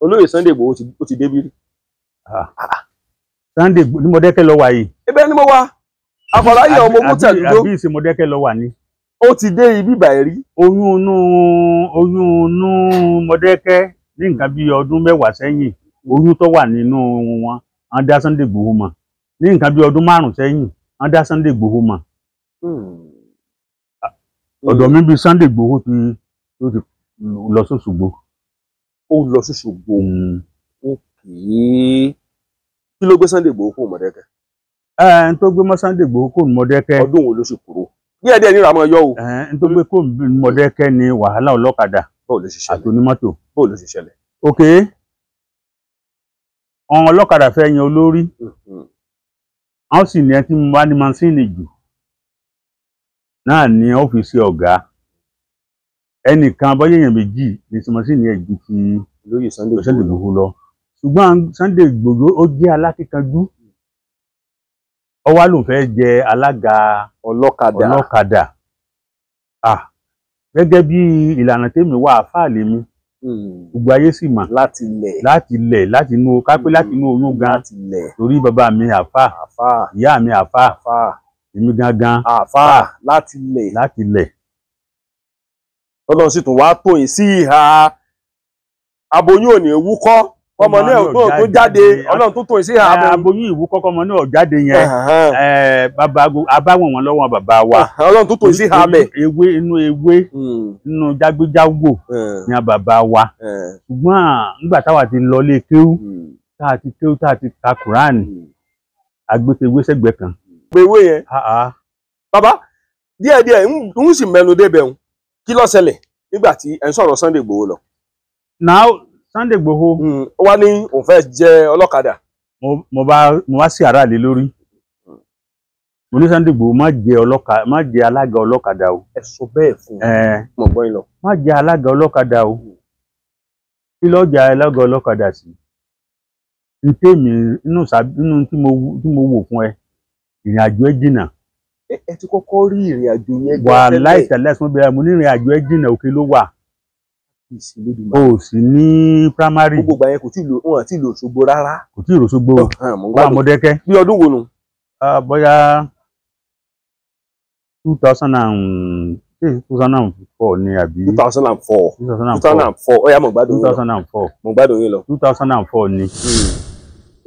olóyè Sunday Igboho ó ti débí rí. Sunday Igboho ní Mọ̀dákẹ́kẹ́ ló wà yìí. ibẹ̀ ni mo wà àfọláyé ọmọ mọ́tàlú ló àbí ìsìn Mọ̀dákẹ́kẹ́ ló wà ni ó ti dé ibi ìbàyẹ̀ rí. oyún inú oyún inú Mọ̀dákẹ́kẹ́ ní nǹkan bíi ọdún mẹ́wàá sẹ́yìn oyún tó wà nínú wọn wọn dá Sunday Igboho mọ̀ ní nǹkan bíi ọdún márùn-ún sẹ́yìn wọn dá Sunday Igboho mọ̀. Hmm. ọ̀dọ̀ mi bíi Sunday Igboho ti lọ sóṣùgbọ́. ó lọ sí ṣògbó òkè hmm. kí ló gbé Sunday Igboho kó Mọdákẹ́kẹ́. ẹ ẹ tó gbé mọ Sunday Igboho kó Mọdákẹ́kẹ́. ọdún wo ló sì kúrò díẹ̀ yọ o. ẹ tó gbé kó Mọdákẹ́kẹ́ ni wàhálà ọlọ́kadà àti onímọ́tò. ṣẹlẹ̀. ok ọ̀n ọlọ́kadà fẹ́ yan olórí mm-hmm. ẹnìkan bọ́yẹ̀ èèyàn méjì ní sọmọsíìnì ẹ̀jú ti lóye Sunday Igboho lọ ṣùgbọ́n Sunday Igboho ó jẹ́ alákíkanjú ọwá lòun fẹ́ jẹ alága ọlọ́kadà ọlọ́kadà ah gẹ́gẹ́ bí ìlànà tèmi wà fáàlì mi hmm. gbogbo ayé sì mà láti lẹ̀ láti lẹ̀ láti inú kápẹ́ láti inú oyún gan torí bàbá mi àfà ìyá mi àfà èmi gangan àfà láti lẹ̀ ọlọ́run sì tún wá tòyìn sí ìhà aboyún òní wúkọ́ ọmọ náà tó tó jáde ọlọ́run tó tòyìn sí ìhà aboyún ìwúkọ́ ọmọ náà jáde yẹn bàbá abáwọn wọn lọ́wọ́ bàbá wa ọlọ́run tó tòyìn sí ìhà bẹ̀. ewé inú ewé hmm. inú jágbéjágbò ni bàbá wa ṣùgbọ́n nígbà táwa ti lọ lé kéwú hmm. tá a ti kéwú tá a ti ka kúránì hmm. agbésewé sẹ́gbẹ̀ẹ́ kan. gbèwé yẹn bàbá díẹ̀díẹ̀ ń sì mẹ́nu débẹ̀ ń kí lọ ṣẹlẹ̀ nígbà tí ẹ ń lọ. now Sunday Igboho. Hmm, ó wá ní òun fẹ́ ọlọ́kadà. mo bá mo wá sí aráàlú lórí mo ní Sunday gbòho má jẹ má alága ọlọ́kadà o. ẹ sọ bẹ́ẹ̀ fún eh. mi gbọ́ o kí alága ọlọ́kadà hmm. ẹ ti kọ́kọ́ rí ìrìn àjò yẹn gbẹ wà láì sún bẹ̀rẹ̀ mo ní ìrìn àjò ẹ jìnnà òkè ló wà o sì ní primary gbogbo ìgbà yẹn kò tí wọn àti ìlò Òṣogbo rárá kò tí ìlò Òṣogbo wà Mọdákẹ́kẹ́ bí ọdún wo nù. bóyá two thousand and two thousand and four ni àbí. two thousand and four two thousand and four ọ̀ya mọ̀ gbádùn yín lọ two thousand and four mọ̀ gbádùn yín lọ. two thousand and four ni.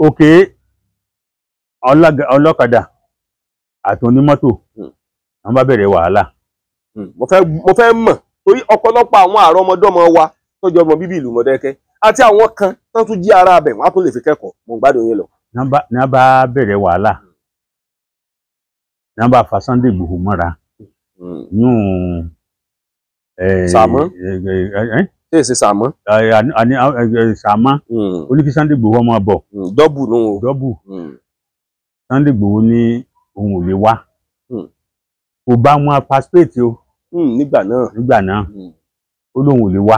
òkè hmm. ọlọ́kadà àti onímọ́tò àwọn hmm. bá bẹ̀rẹ̀ wàhálà. Hmm. mo fẹ́ mo fẹ́ mọ̀ torí ọ̀pọ̀lọpọ̀ àwọn àrọ́mọdọ́mọ wa tó ọmọ bíbí ìlú Mọ̀dákẹ́kẹ́ àti àwọn kan tó tún jí ara abẹ̀ wọn á tún lè fi kẹ́kọ̀ọ́ mo gbádùn yín lọ. ní a bá bẹ̀rẹ̀ wàhálà ní a bá fa Sunday Igboho mọ́ra hmm. yún sàmọ́ ṣe ṣe sàmọ́. àní sàmọ́ oníkí Sunday Igboho ọmọ bọ̀. dọ́bù nù. dọ́bù Sunday Igboho ní òun ò lè wá hmm. kò bá wọn paspéètì o hmm, nígbà náà nígbà náà hmm. ó lóun ò lè wá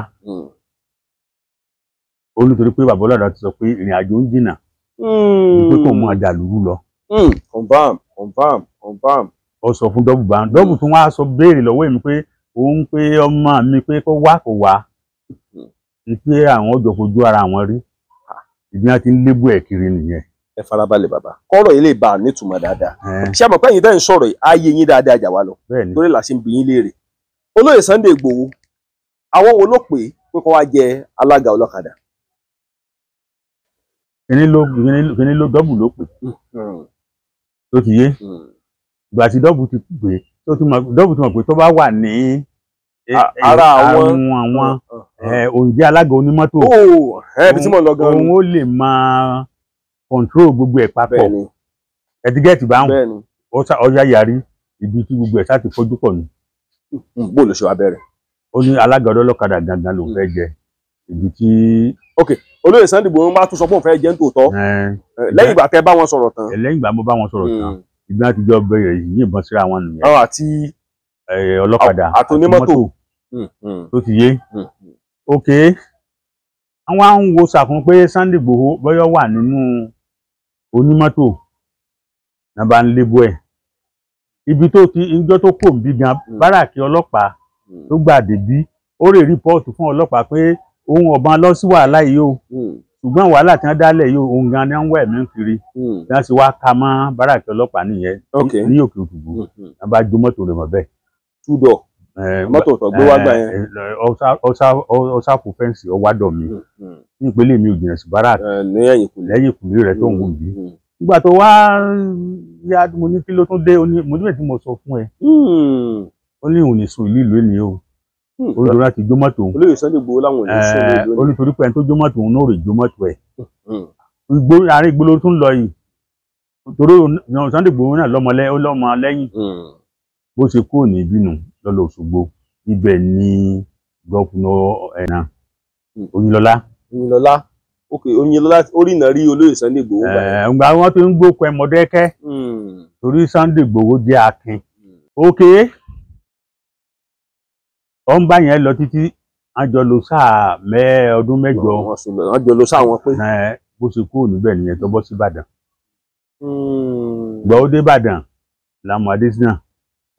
ó nítorí pé bàbá ọlọ́dà ti sọ pé ìrìn àjò ń jìnnà pé kò mọ àdàlúrú lọ. confam confam confam. ó sọ fún dọ́bù bá dọ́bù tún wá sọ béèrè lọ́wọ́ èmi pé òun pé ọmọ mi pé kó wá kó wá ní pé àwọn ọjọ́ fojú ara àwọn rí ìdí wọn ti ń lébù ẹ̀ kiri nìyẹn ẹ farabalẹ̀ baba kọ́rọ̀ yìí lè bá a nítumọ̀ dáadáa ṣé àmọ́ pẹ́yìn tẹ́ ń sọ̀rọ̀ yìí ayé yín dáadáa jà wá lọ lórí làṣẹ ń bi yín léèrè olóyè Sunday Igboho àwọn wo ló pè é pé kó wá jẹ alága ọlọ́kadà. kíní ló kíní ló dọ́bù ló pè hmm. tó ti yé hmm. ìgbà tí dọ́bù ti pè dọ́bù ti mọ̀ pé tó bá wà ní eh, eh, ara àwọn àwọn oúnjẹ hmm. eh, alága onímọ́tò oh, òun ó lè máa control gbogbo ẹ̀ papọ̀ ẹ̀dígẹ́ẹ̀tì bá ń ọjà yarí ibi tí gbogbo ẹ̀ sáti fojú pọ̀ ni. Hmm, bó ló ṣe wá bẹ̀rẹ̀. ó ní alága ọlọ́kadà gangan ló fẹ́ hmm. jẹ ibi tí. ok olóyè Sunday Igboho bá tún sọ pé òun fẹ́ jẹ́ ní tòótọ́ lẹ́yìn ìgbà tẹ́ bá wọn sọ̀rọ̀ tán. lẹ́yìn ìgbà mo bá wọn sọ̀rọ̀ tán hmm. ìgbà àtijọ́ bẹ̀rẹ̀ yìnbọn síra wọn nìyẹn. àwọn àti ọlọ́kadà àti onímọ́tò tó ti yé ok àwọn à ń wo sàkún pé Sunday Igboho bọ́yọ̀ wà nínú onímọ́tò ná bá ń lébú ẹ̀ ibi tó ti ìjọ tó kò ń bí gan hmm. báràkì ọlọ́pàá hmm. tó gbà débí ó rè rìpọ́ọ̀tù fún ọlọ́pàá pé ohun ọ̀bọ̀n lọ sí wàhálà yìí o hmm. ṣùgbọ́n wàhálà tí wọ́n dálẹ̀ yìí ohun gan ni wọ́n ń wá ẹ̀mí kiri tí wọ́n sì wá ka mọ́ báràkì ọlọ́pàá nìyẹn ní òkè òtùgbò wọn bá jó mọ́tò rẹ̀ mọ́ bẹ́ẹ̀. Eh, mọ́tò tó gbé wá gbà eh, yẹn. ọ̀sà kò fẹ́ǹsì ọ̀wádọ̀ mi ní ìpele mi ò jìnnà sí barak eh, lẹ́yìn ìkùlé rẹ̀ tó ń wù bí. Hmm, hmm. nígbà tó wá yá mo ní kí ló tún dé mo níbẹ̀ tí mo sọ fún ẹ hmm. ó ní òun ní sùn ìlú ìlú ènìyàn o olùdó láti jó mọ́tò òun olóyè Sunday Igboho láwọn ò ní sùn ìlú ìlú ènìyàn olùtorí pẹ́ẹ́n tó jó mọ́tò òun náà rè jó mọ́tò ẹ̀ àárín ìgboro tún lọ yìí torí Sunday Igboho náà lọ́mọ lẹ́yìn bó ṣe kúrò ní ìbínú lọ́lọ́ Òṣogbo ibẹ̀ ni gọ́fúnà ẹ̀nà eh, Oyinlọ́lá. Oyinlọ́lá ok Oyinlọ́lá orínà rí olóyè Sunday Igboho. ǹgbà wọn ti ń gbókò ẹ mọ̀dẹ́kẹ́ hmm. torí Sunday Igboho jẹ́ akin hmm. ok ọ̀ ń bá yẹn lọ títí àjọ ló sáà mẹ́ ọdún mẹ́jọ àjọ ló sáà wọn pé eh, bó ṣe kúrò níbẹ̀ nìyẹn tó bọ́ sí Ìbàdàn hmm. gbọ́ ó dé Ìbàdàn làmú Adésínà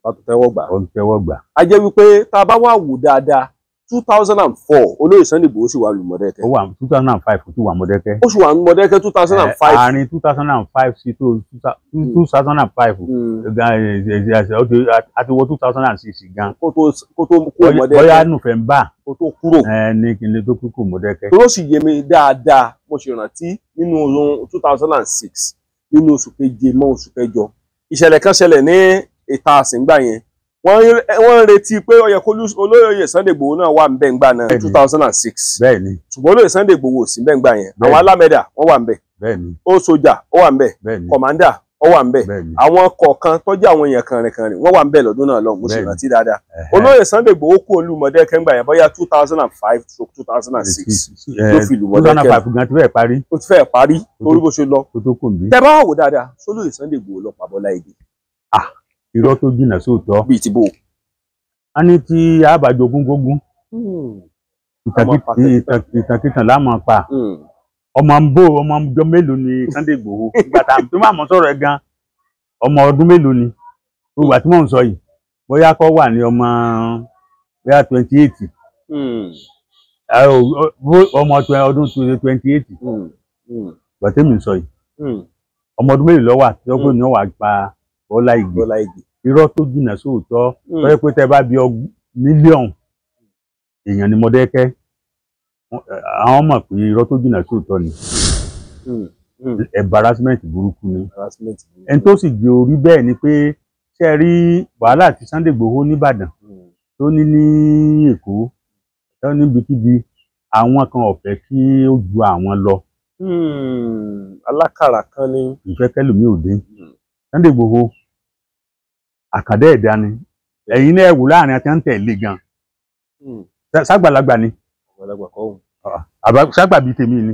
wọ́n tún tẹ́wọ́ gbà. wọ́n tún tẹ́wọ́ gbà. a jẹ́ wípé tá a bá wà wò dáadáa two thousand and four olóyè Sunday Igboho sì wà lù Mọ̀dákẹ́kẹ́. ó wà two thousand and five kò tún wà Mọ̀dákẹ́kẹ́. ó sì wà two thousand and five. Eh, àárín two thousand and five sí tó two hmm. thousand and five àti hmm. eh, eh, wọ two thousand and six gan. kó tó kó tó kó Mọ̀dákẹ́kẹ́. bóyá November. kó tó kúrò. ní kí n lè tó kúrò Mọ̀dákẹ́kẹ́. tó sì yé mi dáadáa mo ṣe rántí nínú ọdún two thousand and six nínú oṣù keje mọ́ oṣù kẹjọ ìṣẹ̀lẹ̀ kan ṣẹlẹ̀ ní ìta àsìngbà yẹn wọ́n ń retí pé ó yẹ kó olóyè Sunday Igboho náà wà nbẹ̀ ńgbà náà two thousand and six bẹ́ẹ̀ni ṣùgbọ́n olóyè Sunday Igboho sí nbẹ̀ ńgbà yẹn àwọn alámẹ̀dà wọ́n wà nbẹ̀ bẹ́ẹ̀ni ó sojà ó wà nbẹ̀ kọ̀mándà ó wà nbẹ̀ àwọn kọ̀ọ̀kan tọ́jú àwọn èèyàn kànrìnkànrìn wọ́n wà nbẹ̀ lọ́dún náà lọ mo sì rántí dáadáa olóyè Sunday Igboho kú Olúmọdé kẹ́ńgbà yẹn bóyá two thousand and five to two thousand and six ló fi Olúmọdé kẹ́ńgbà ó ti fẹ́ parí torí bó irọ́ tó jìnnà sóòótọ́. bíi ti bò. a ní tí a bá jogún gógún ìtàkìtàn láàmú pa hmm. ọmọ ń bò ọmọ ọjọ́ mélòó ni Sunday Igboho ìgbà tó máa mọ̀ sọ̀rọ̀ ẹ̀ gan ọmọ ọdún mélòó ni gbogbo àti mò ń sọ yìí bóyá kọ́ wà ní ọmọ bóyá twenty eight hmm. ọmọ ọdún twenty eight hmm. gbàtẹ́mi sọ yìí ọmọ ọdún mélòó lọ́wọ́ àti ọgbọ́n ni wọ́n wà gba Bọ́lá Ìgè irọ́ tó jìnnà sóòótọ́ lọ́yẹ́ hmm. pé tẹ́ bá bí mílíọ̀nù èèyàn ni Mọdákẹ́kẹ́ àwọn mọ̀ pé irọ́ tó jìnnà sóòótọ́ ni hmm, hmm. embarrassment burúkú ni ẹni tó sì di orí bẹ́ẹ̀ ni pé ṣe rí wàhálà tí Sunday Igboho nìbàdàn tó ní ní Èkó tó níbikíbi àwọn kan ò kí ó ju àwọn lọ. alákàrà kan ni. ìfẹ́ kẹ́lòmí ò dé Sunday Igboho àkàndá ẹ̀dá ni ẹ̀yin náà wò láàrin àti àǹtẹ̀ lè gan ṣàgbàlagbà hmm. ni ṣàgbà ah, bíi tèmi ni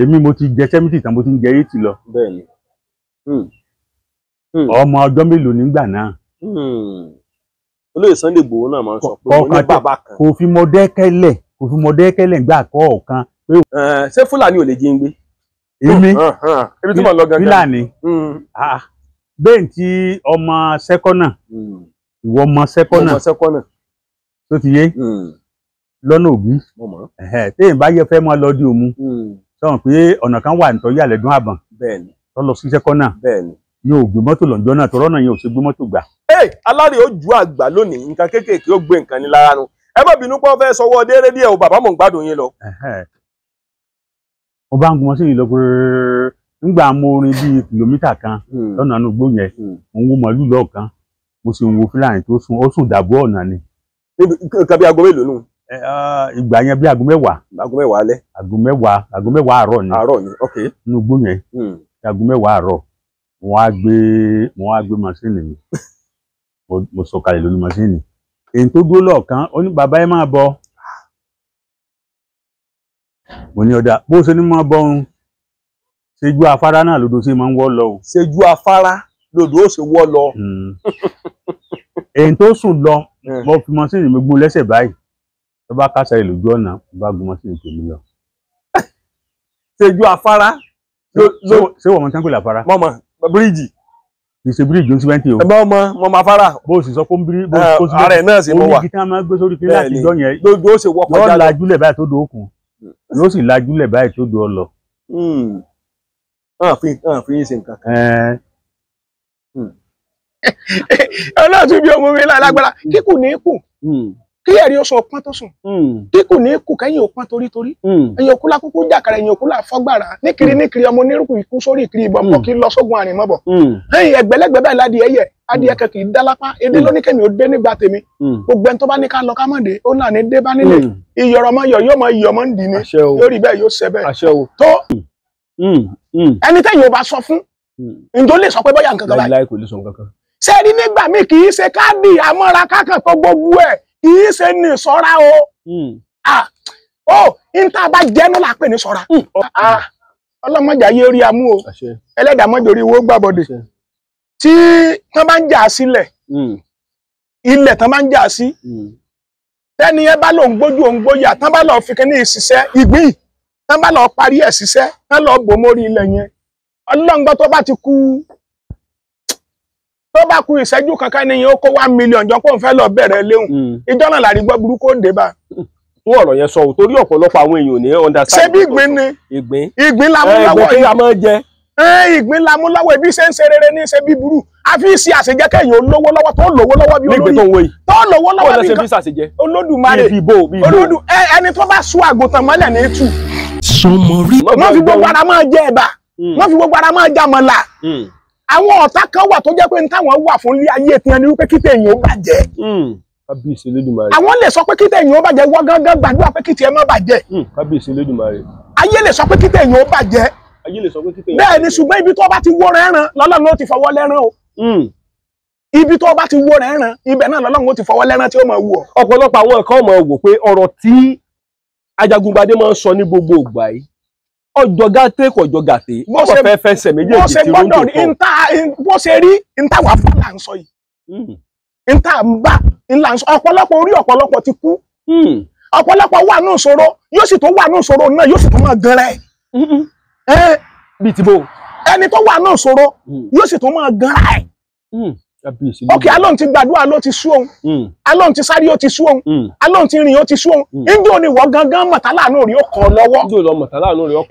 èmi mo ti jẹ sẹ́mìtì tán mo ti ń jẹ eighty lọ hmm. Hmm. ọmọ ọjọ́ mélòó nígbà náà olóyè Sunday Igboho náà máa ń sọ pé mo ní bàbá kan kò fi mọdẹ́kẹ́lẹ̀ kò fi mọdẹ́kẹ́lẹ̀ gbà kọ̀ọ̀kan. Eh, ṣé fúlàní ò lè jí ń gbé. èmi fúlàní ah, bẹ́ẹ̀ntì ọmọ sẹ́kọ́nà hmm. ìwọ ọmọ sẹ́kọ́nà tó ti yé hmm. lọ́nà òbí téèyàn bá yẹ fẹ́ mọ́ lọ di òmu hmm. sọ̀rọ̀ pé ọ̀nà kan wà nítorí àlẹ́dún àbọ̀n tó lọ sí sẹ́kọ́nà yóò gbé mọ́tò lọ́jọ́ náà tọ́rọ́ náà yóò ṣe gbé mọ́tò gbà. alárè ó ju àgbà lónìí nǹkan kéékèèké ó gbé nǹkan ní lára nu ẹ má bínú pé wọ́n fẹ́ sọ wọ́ọ́ díẹ̀ o bàbá mò ń gbádùn yín lọ. mo bá ń gun mọ́tò yìí lọ gbọ́rọ́rọ́rọ́ ńgbà mo rin bíi kìlómítà kan hmm. lọ́nà inú igbó yẹn òun hmm. wo màálù lọ́ọ̀kan mo sì ń wo fúlàní tó sùn ó sùn dàbọ̀ ọ̀nà ni. nǹkan bí aago mélòó nù. ìgbà yẹn bí Agome wa aago mẹ́wàá alẹ́. aago mẹ́wàá aago mẹ́wàá àárọ̀ ni. àárọ̀ ni ok. inú igbó yẹn hmm. aago mẹ́wàá àárọ̀ mo wá gbé mo wá gbé màṣíìnì mi mo sọ̀kalẹ̀ lórí màṣíìnì èyí tó dúró lọ́ọ̀kan ó ní bàbá ẹ máa bọ̀ mo ní ọ̀dà bó ṣe ní máa bọ̀ ṣéjú afárá náà lodò ṣe máa ń wọ́ lọ o. ṣéjú afárá lodò ó ṣe wọ́ lọ. èyí hmm. tó sùn lọ eh. mo fi mọ́ṣínì mi gún lẹ́sẹ̀ báyìí tó bá kásá rẹ̀ lójú ọ̀nà mo bá gun mọ́ṣínì tèmi lọ. ṣéjú afárá. ṣé wọ́n mọ tán pé làfárá. mọ́mọ́ bíríìjì. ìṣe bíríìjì oṣù bẹ́ntì o. ẹ bá ọmọ mọ́mọ́ afárá. bó o sì sọ fún bírí bó o sì eh, bẹ́ẹ̀ náà sì mọ́ wà. orí gíga máa gbé sórí pínlẹ̀ àtijọ́ yẹn. lójú ó ṣe wọ́ kọjá lọ. yóò lajú lẹ̀ báyìí tó do okùn yóò sì lajú lẹ̀ báyìí tó do ọlọ. Hmm hàn fi hàn fi ṣe nǹkan kan. Hmm. ọlọ́ọ̀tún bí ọmọ mi lálágbára hmm. kíkù ní kù hmm. kí ẹ̀rí ó sọ ọpọ́n tó sùn kíkù ní kù kẹ́yìn òpọ́n torítorí ẹ̀yìn òkú lákúkú jàkàrà ẹ̀yìn òkú láfọ́gbàrà níkiri níkiri ọmọ onírúkú ikú sórí ìkiri ìbọn bọ̀ kí lọ sógun àrìn mọ́bọ̀ ẹ̀yìn ẹgbẹ̀lẹ́gbẹ̀ bẹ́ẹ̀ ládi ẹyẹ adìẹ kẹkì í dálápá edé lóníkẹ́mi ó dé nígbà tèmi gbogbo ẹni tó bá ní ká lọ ká mọ̀ dé ó náà ní dé bá nílé iyọ̀rọ̀ mọ́ yọ̀ yóò mọ iyọ̀ mọ́ ń dì ní lórí bẹ́ẹ̀ yóò ṣẹ bẹ́ẹ̀ tó Hmm, hmm. ẹni tẹ́yìn ò bá sọ fún hmm. ǹjọ́ lè sọ pé bóyá nǹkan kan báyìí láì kò lè sọ nǹkan kan. ṣé rí nígbà míì kì í ṣe káàdì àmọ́ra kákan tó gbogbo ẹ̀ kì í ṣe ní ìṣọ́ra o. ó níta bá jẹ́nu là pè ní ṣọ́ra. ọlọ́mọjà yé rí amú o ẹlẹ́dàá mọ́jọ́rí owó gbàbọ̀dé tí wọ́n bá ń jà sílẹ̀ ilẹ̀ tán bá ń jà sí tẹ́ni ẹ bá lòun gbójú òun gbóyà tán bá lọ́ọ́ fi kíní ìṣiṣẹ́ ìgbín tán bá lọ parí ẹ̀ ṣiṣẹ́ tán lọ bò mórí ilẹ̀ yẹn ọlọ́ngbọ́n tó bá ti kú tó bá kú ìṣẹ́jú kankan ni yóò kó one million jọ pé òun fẹ́ lọ bẹ̀rẹ̀ léhùn ìjọ hmm. náà làrí gbọ́ burúkú òde bá. fún ọ̀rọ̀ yẹn sọ ò torí ọ̀pọ̀lọpọ̀ àwọn èèyàn ní understand. ṣé bí ìgbín ni ìgbín ìgbín lamúláwọ̀ eh, yìí eh, ìgbín lamúláwọ̀ ibi ṣe ń ṣe rere ní ṣe bí burú àfi ṣe àṣejẹ kẹyìn olówó lọ́wọ́ tó lówó lọ́wọ́ bí olórí tó lówó lọ́wọ́ bí olódùmarè olódù ẹni tó bá sún àgùntàn mọ́lẹ̀ ní tù sọmọ rí. wọ́n fi gbogbo ara máa jẹ ẹ̀bà hmm. wọ́n fi gbogbo ara máa jẹ àmàlà hmm. àwọn ọ̀tá kan wà tó jẹ́ pé táwọn wà fún ilé ayé tiẹ̀ ni wípé kíta èèyàn ó bàjẹ́. Hmm. kábíyèsí lódùmarè. àwọn lè sọ pé kíta èèyàn ó bàjẹ́ wọ́n gángan gbàdúrà pé kíta ẹ̀ má bàjẹ́. kábíyèsí lódùmarè. ayé lè sọ pé kíta èèyàn ó bàjẹ́. ayé lè sọ pé kíta èèyàn ó bàjẹ́. bẹ́ẹ̀ ni ṣùgbọ́n ibi tó bá ti wó rẹ̀ ràn lọ́lọ́run ó ti fọwọ́ lẹ́ràn o ibi tó bá ti wó rẹ̀ ràn ibẹ̀ náà lọ́lọ́run ó ti fọwọ́ lẹ́ràn tí ó máa wù ọ́. ọ̀pọ̀lọpọ̀ àwọn nǹkan máa wò pé ọ̀rọ̀ tí Ajagungbadé máa ń sọ ní gbogbo ìgbà yìí ọjọgá tẹ kò jọgà tẹ wọn kò fẹẹ fẹsẹ méjèèjì tí wọn tó kọ. bó ṣe rí níta wà fún là ń sọ yìí hmm. níta ń bá ńlá ń sọ ọ̀pọ̀lọpọ̀ orí ọ̀pọ̀lọpọ̀ ti kú hmm. ọ̀pọ̀lọpọ̀ wà ní ìṣòro yóò sì tó wà ní ìṣòro náà yóò sì tó máa gan rẹ̀. Hmm. ẹni tó wà ní ìṣòro yóò sì tó máa gan rẹ̀ ok alóhùn ti gbàdúrà ló ti sú òun alóhùn hmm. ti sáré ó ti sú òun alóhùn hmm. ti rìn ó ti sú òun hmm. indio ni wọ́n gangan mọ̀tálà náà rí ọkọ̀ lọ́wọ́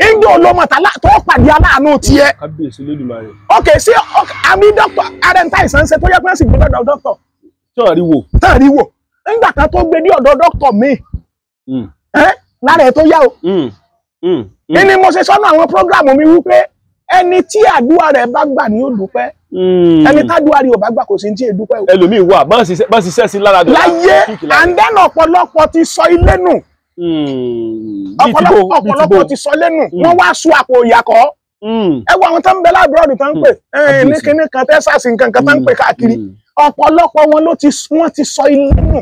indio ló mọ̀tálà tó pàdé aláàánú tiẹ̀ ok ṣé àmì dókítà arẹntà ìsànṣẹ tó yẹ pé sì gbọdọ dókítà. tán rí wò. tán rí wò nígbà kan tó gbé ní ọ̀dọ̀ dókítà mi lára ẹ̀ tó yá o. ẹni mo ṣe sọ́nà àwọn prógráàmù mi wípé ẹni tí àdúrà rẹ̀ bá gbà ní òdùpẹ́ hmm. ẹni tádùá rí ò bá gbà kò sí tí èdùpẹ́ o. ẹlòmíín wà bá ń ṣiṣẹ́ sí lára dọ̀. láyé àndẹ́nà ọ̀pọ̀lọpọ̀ ti sọ ilé nù hmm. ọ̀pọ̀lọpọ̀ ti sọ ilé nù hmm. wọ́n wá sún àpò ìyàkọ́ ẹ wo àwọn tó ń bẹ láàbúrọ̀dù tó ń pè ní kinní kan tẹ́sàsì nǹkan kan tó ń pè káàkiri ọ̀pọ̀lọpọ̀ wọn ló ti wọ́n ti sọ ilé nù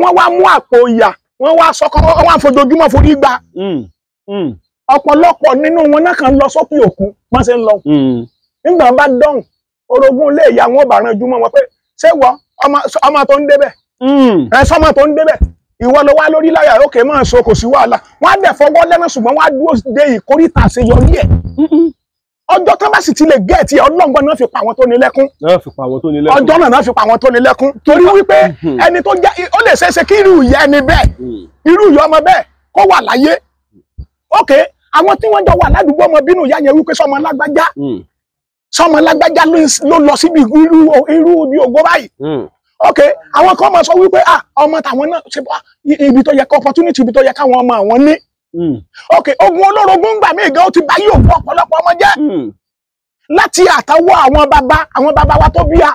wọ́n wá mú àpò ìyà wọ́n wá sọ kọ́ wọ́n wá fojoojúmọ́ forí gba ọ̀pọ̀lọpọ̀ nínú wọn náà kàn lọ sókè òkun wọ́n ṣe ń lọ hmm. nígbà bá dọ̀hùn orogún ilé ìyá wọn bá ranjú mọ́ wọn pé ṣé wọ ọmọ tó ń débẹ̀ hmm. ẹ sọmọ tó ń débẹ̀ ìwọ ló wá lórí láyà òkè máa so kò sí wàhálà wọn á dẹ̀ fọwọ́ lẹ́nu ṣùgbọ́n wọn á dúró de ìkórìtà àṣeyọrí ẹ̀ hmm. ọjọ́ tó bá sì ti lè gẹ̀ẹ́tì ọlọ́ngbọ́n náà fi pa àwọn tó ní lẹ́kún ọjọ́ náà náà fi pa àwọn tó ní lẹ́kún torí wípé ẹni tó jẹ́ ó lè ṣeéṣe kí irú ìyá ẹni bẹ́ẹ̀ irú ìyá ọmọ bẹ́ẹ̀ kó wà láyé ókè àwọn tí wọ́n jọ wà ládùúgbò ọmọ bínú ìyá yẹn wípé sọmọ lágbájá hmm. sọmọ lágbájá ló lọ síbi irú ibi ògbó báyìí hmm. ok àwọn kan máa sọ wípé ah ọmọ tàwọn náà ṣe bá ibi tó yẹ ká opportunity ibi tó yẹ káwọn ọmọ àwọn ní hmm. ok ogun olórogún gbà mí gan ó ti báyé òkú ọ̀pọ̀lọpọ̀ ọmọ jẹ́ láti àtàwọ̀ àwọn bàbá àwọn bàbá wa tó bíya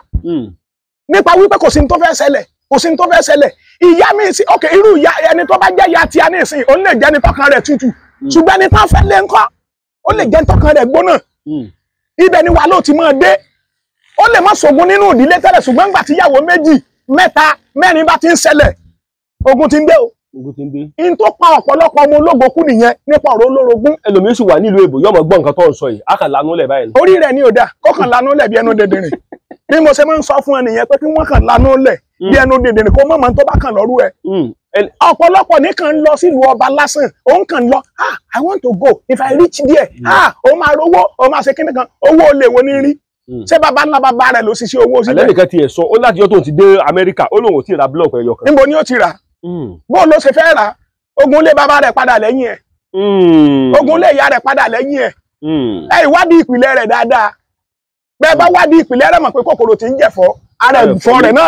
nípa wípé kò sí ní tó fẹ́ ṣẹlẹ̀ kò sí ní tó fẹ́ ṣẹlẹ̀ ìyá mi sí ok irú ìyá ẹni tó bá jẹ́ ìyá tí a ní ìsìn òun lè jẹ́ ní tọkàn rẹ̀ tútù Mm. ṣùgbọ́n ẹni tán fẹ́ lé ńkọ́ ó lè jẹ́ tọkàn rẹ̀ gbóná mm. ibẹ̀ ni wà ló ti máa dé ó lè má ṣògùn nínú ìdílé tẹ́lẹ̀ ṣùgbọ́n ńgbà tíyàwó méjì mẹ́ta mẹ́rin bá ti ń ṣẹlẹ̀ ogun ti ń dé o in tó pa ọ̀pọ̀lọpọ̀ ọmọ ológun kú nìyẹn nípa ọ̀rọ̀ olórogún ẹlòmíín sì wà nílùú èbò yọmọ gbọ́ nǹkan tó ń sọ yìí a kàn lanú lẹ̀ báyìí. orí rẹ̀ ni ò dáa kọ́kàn lanú lẹ̀ bí ẹnu dèdèrè bí mo ṣe máa ń sọ fún ẹ nìyẹn pé kí wọ́n kàn lanú lẹ̀ bí mm. ẹnu dèdèrè kó mọ̀mọ́ tó bá kàn lọ́rú ẹ ọ̀pọ̀lọpọ̀ nìkan ń lọ sílùú ọba lásán òun kàn lọ ah i want to go if i reach there mm. ah òun máa rówó òun máa ṣe kíní kan owó olè wo ni rí mm. ṣé baba ńlá baba rẹ ló ṣiṣẹ́ owó sílẹ̀. ẹlẹ́nìkan ti ẹ̀ sọ ó láti yọ tóun ti dé amẹ́ríkà ó lóun ò tí ì ra búlọ̀kù ẹyọ kan. níbo ni ó ti rà mm. bó ló ṣe fẹ́ rà ogun lé baba rẹ̀ padà lẹ́yìn ẹ̀ ogun lé ìyá rẹ̀ padà lẹ́yìn ẹ̀ ẹ ìwádìí ìpìlẹ̀ rẹ̀ dáadáa bẹ́ẹ̀ bá wádìí ìpìlẹ̀ rẹ̀ mọ̀ pé kòkòrò ti ń jẹ̀fọ́ ara ẹ̀fọ́ rẹ̀ náà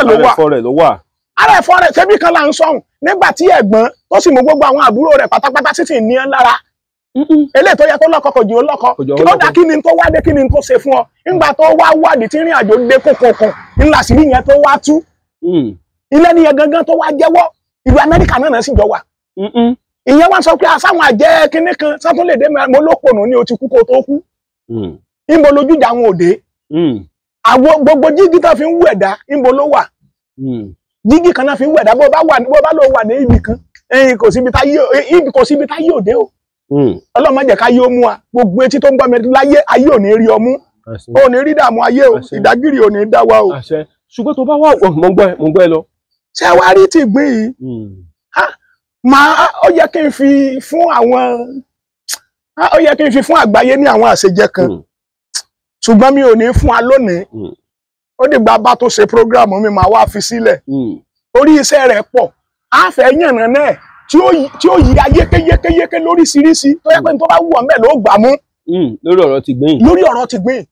ló wà. ara ẹ̀fọ́ rẹ̀ ṣebí kan là ń sọ̀hún nígbà tí ẹ̀gbọ́n tó sì mú gbogbo àwọn àbúrò rẹ pátápátá sì sì ní ẹ́ lára eléyìí tó yẹ kó lọ́kọ kò jẹ́ kí ló dá tó wádé kí ni tó ṣe fún ọ nígbà tó wá wádìí tí rìn àjò dé kókòkò ńlá sí tó mm. gangan tó wá jẹwọ ìlú náà náà sì jọ wà ìyẹn wá sọ pé àsáwọn kan ni o ti kú kó mm. mm. gbogbo jíjí tó fi ń ló dígì kan náà fi ń wẹ̀dá bó bá wà bó bá lò wà ní ibì kan kò síbi tá yí òde o hmm. ọlọ́mọ jẹ́ ká yí ó mú wa gbogbo etí tó ń gbọ́ mi láyé ayé ò ní rí ọmú ò ní rí dààmú ayé o ìdágìrì ò ní dá wa o. ṣùgbọ́n tó bá wà ọ̀ mọ̀ ń gbọ́ ẹ lọ. ṣé wàá rí ti gbìn yìí hmm. máa ó yẹ kí n fi fún àwọn ó yẹ kí n fi fún àgbáyé ní àwọn àṣejẹ kan hmm. ṣùgbọ́n mi ò ní fún wa lónìí ó dìgbà bá tó ṣe program mi máa wá fi sílẹ̀ hmm. orí iṣẹ́ rẹ̀ pọ̀ á fẹ́ yànnà náà tí ó yí ayé kéyékéyéké lóríṣiríṣi tó yẹ pé tó bá wù ọ́ mẹ́ẹ̀ ló gbà mú. Hmm. lórí ọ̀rọ̀ ti gbẹ̀yìn. lórí ọ̀rọ̀ ti gbẹ̀yìn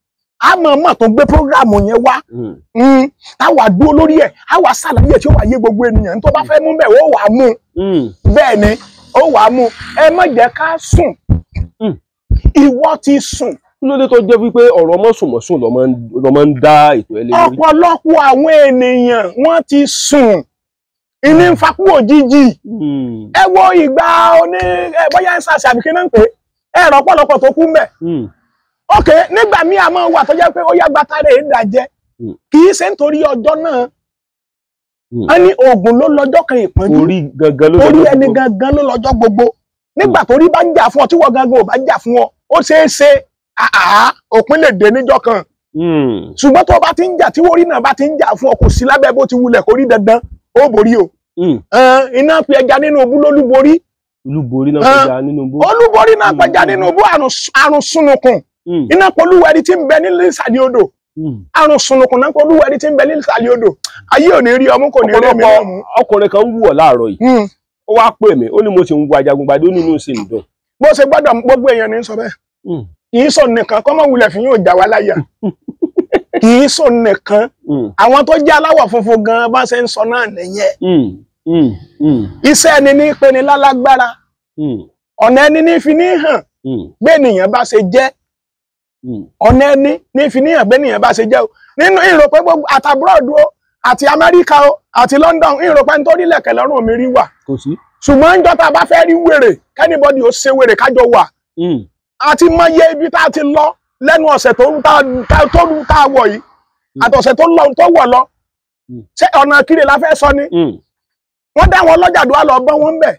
a mọ̀ mọ̀ tó gbé program yẹn wá hmm. a wà dúró lórí ẹ̀ a wà ṣàlàyé tí ó wà yé gbogbo ènìyàn tó bá fẹ́ mú bẹ́ẹ̀ ó wà mú bẹ́ẹ̀ ni ó wà mú ẹ má jẹ́ ká sùn ìwọ ti sùn lóde tó jẹ́ wípé ọ̀rọ̀ mọ́sùnmọ́sùn ló máa ń dá ètò ẹ lórí. ọ̀pọ̀lọpọ̀ àwọn ènìyàn wọ́n ti sùn ilé ń hmm. ẹ wo ìgbà oní ń sàṣà àbíké náà ń pè é ẹ̀rọ tó kú hmm. ok nígbà míì a wà tó jẹ́ pé ó yá gbàtàrẹ̀ hmm. kì í ṣe nítorí ọjọ́ náà a ní oògùn ló lọ́jọ́ kan ìpọ́njú orí ẹni gangan ló gbogbo nígbà bá ọ tí wọ́n gangan ò bá jà fún ọ ó Ah, ah, òpin lè dé níjọ́ kan hmm. ṣùgbọ́n tó bá ti ń jà tí wórí náà bá ti ń jà fún ọ kò sí lábẹ́ bó ti wulẹ̀ kó rí dandan ó borí o hmm. iná pe ẹja nínú obú lólúborí olúborí náà pẹja nínú obú olúborí náà pẹja hmm. nínú obú àrùn sunukun iná polúwẹ̀rí tí ń bẹ nílẹ̀ ìsàlẹ̀ odò àrùn sunukun náà polúwẹ̀rí tí ń bẹ nílẹ̀ ìsàlẹ̀ odò ayé ò ní rí ọmú kò ní rí mi ọmú. ọkùnrin kan ń wù ọ láàárọ̀ yìí ó wá pè mí ó ní mo ti ń wo Ajagungbadé ó ní inú sí ń dùn. bó ṣe gbọ́dọ̀ gbogbo èèyàn ní sọ bẹ́ẹ̀ kì í sọ nìkan kọ́mọ̀ wulẹ̀ fi yóò jà wá láyà kì í sọ nìkan mm. àwọn tó jẹ́ aláwọ̀ funfun gan bá ṣe ń sọ náà nìyẹn mm, mm, iṣẹ́ ẹni ní pinni lálágbára ọ̀nà ẹni ní fi ní hàn gbé ènìyàn bá ṣe jẹ́ ọ̀nà ẹni ní fi ní hàn gbé ènìyàn bá ṣe jẹ́ o nínú ìrò pé gbogbo àtàbúrọ̀dù o àti Amẹ́ríkà o àti London ìrò pé nítorí lẹ̀kẹ̀ lọ́rùn mi rí wà ṣùgbọ́n ń bá fẹ́ rí wèrè kẹ́nìbọ́dì ó ṣe wèrè kájọ wà àti mọye ibi tá a ti lọ lẹ́nu ọ̀sẹ̀ tó ń tá a wọ̀ yìí hmm. àtọ̀sẹ̀ tó lọ tó wọ̀ lọ hmm. ṣé ọ̀nà kiri la fẹ́ sọ ni hmm. wọ́n dá wọn lọ́jà dùn á lọ bọ́ wọn bẹ̀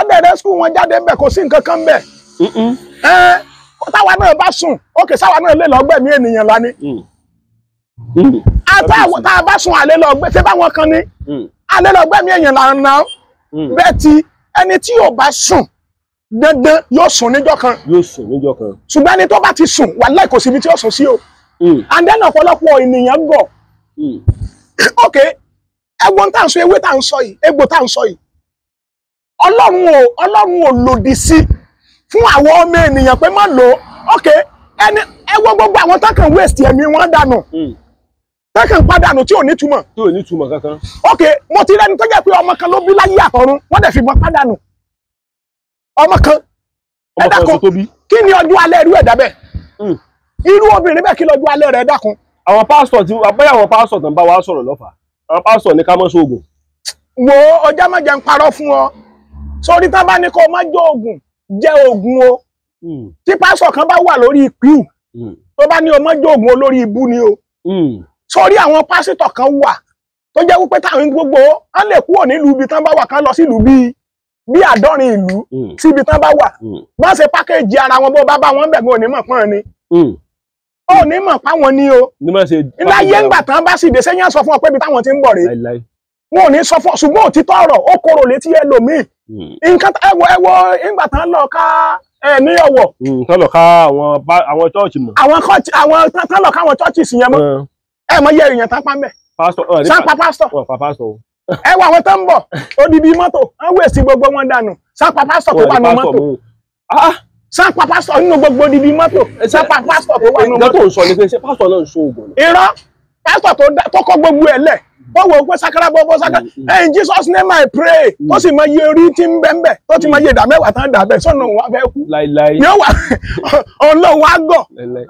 abẹ́rẹ́ skul wọn jáde bẹ̀ kò sí nǹkan kan bẹ̀ táwa náà bá sùn ókè sáwa náà lè lọ gbẹ̀mí ènìyàn la ni tá a bá sùn àlè lọ gbẹ ṣé báwọn kan ni àlè lọ gbẹ̀mí èèyàn là ń ná bẹ́ẹ̀ ti ẹni tí yóò bá sùn dandan yóò sùn níjọ́ kan. yóò sùn níjọ́ kan. ṣùgbọ́n ẹni tó bá ti sùn wàláhì kò síbi tí yóò sùn sí o. Hmm. and then ọ̀pọ̀lọpọ̀ ènìyàn gọ̀. Hmm. ok ẹ̀gbọ́n tá à ń sọ ewé tá à ń sọ yìí egbò tá à ń sọ yìí ọlọ́run ò ọlọ́run ò lòdì sí fún àwọn ọmọ ènìyàn pé má lò ó ok ẹni ẹ wo gbogbo àwọn tó kàn waste ẹ̀mí wọn dànù hmm. tó kàn padànù tí ò ní túmọ̀. tí ò ní túmọ̀ kankan. ok mo ti rẹ́ni tó jẹ́ pé ọmọ kan ló bí láyé àtọ̀run wọ́n dẹ̀ fi gbọ́n padànù ọmọ kan ẹ dákun kí ni ọjọ́ alẹ́ irú ẹ̀dá bẹ́ẹ̀ hmm. irú obìnrin bẹ́ẹ̀ kí lọ́jọ́ alẹ́ rẹ̀ dákun. àwọn pásítọ̀ tí abẹ́yẹ àwọn pásítọ̀ tó ń bá wa sọ̀rọ̀ lọ́fà àwọn pásítọ̀ ní ká mọ́ sóògùn. wo ọjà má jẹ́ ń parọ́ fún ọ sórí tá bá ní kó má jẹ oògùn jẹ oògùn o hmm. tí pásítọ̀ kan bá wà lórí ìpíù hmm. tó bá ní o má jẹ oògùn olórí ibú ni o sórí àwọn pásítọ̀ kan wà tó jẹ́ wípé táwọn gbogbo wọn lè kúrò nílùú ibi tán bá wà kán lọ sílùú bíi bí àádọ́rin ìlú síbi hmm. tán bá wà hmm. bá ṣe pákéjì ara wọn bó bá bá wọn bẹ̀ gan ò ní mọ̀ pọ́n ni hmm. ó ní mọ̀ páwọn ni o iláyé ńgbà tán bá sì dé sẹ́yìn sọ fún ọ pé ibi táwọn ti ń bọ̀ rèé wọn ò ní sọ fún ọ ṣùgbọ́n òtítọ́ ọ̀rọ̀ ó korò létí ẹlòmíì nǹkan ẹwọ ẹwọ ńgbà tán lọ ká ẹ ní ọwọ. tán lọ ká àwọn chọ́ọ̀chì mọ̀. àwọn tán lọ ká àwọn chọ́ọ̀chì sì yẹn mọ́ ẹ mọ iye èèyàn tán pa mẹ́. pásítọ̀ ọ̀ ẹ wà àwọn tó ń bọ̀ odidi mọ́tò wọ́n wẹ̀ sí gbogbo wọn dànù sápá pásítọ̀ tó wà nù mọ́tò sápá pásítọ̀ nínú gbogbo odidi mọ́tò sápá pásítọ̀ tó wà nù mọ́tò. ìgbà tó ń sọ ni pé ṣé pásítọ̀ náà ń so oògùn. irọ́ pásítọ̀ tó kọ́ gbogbo ẹ̀ lẹ̀ ó wò ó pé sakara bọ́ bọ́ sakara ẹ̀yin mm-hmm. Jesus name I pray tó sì mọ iye orí tí ń bẹ́ ń bẹ̀ tó ti mọ iye ìdá mẹ́wàá tán dà bẹ́ẹ̀ sọ́nà òun wá fẹ́ kú.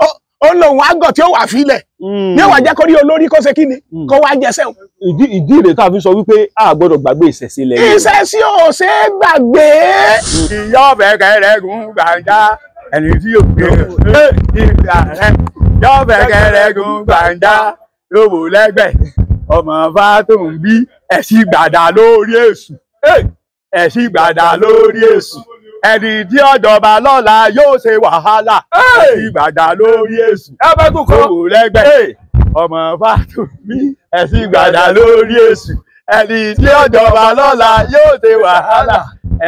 ó lòun àgọ̀ tí ó wà fílẹ̀ ní hmm. ìwà jẹ́ kó rí olórí kó ṣe kíni hmm. kó wá jẹsẹ̀ o. ìdí ìdí rèé tá a fi sọ wípé a gbọ́dọ̀ gbàgbé ìṣẹ̀ṣe lẹ́yìn. ìṣẹ̀ṣe ò ṣe é gbàgbé. ìyá ọbẹ̀ kẹrẹ gùn gbàǹjà ẹni tí yóò gbé e ìgbà rẹ ìyá ọbẹ̀ kẹrẹ gùn gbàǹjà lóbò lẹ́gbẹ̀ ọmọ bá tó ń bí ẹ̀sìn gbàdà lórí èṣù ẹ̀sìn gbàdà lórí èṣù ẹni tí ọjọba lọ́la yóò ṣe wàhálà àti gbàgbà lórí èṣù owó lẹ́gbẹ̀ẹ́ ọmọ fàtó mi ẹ̀sìn gbàgbà lórí èṣù ẹni tí ọjọba lọ́la yóò ṣe wàhálà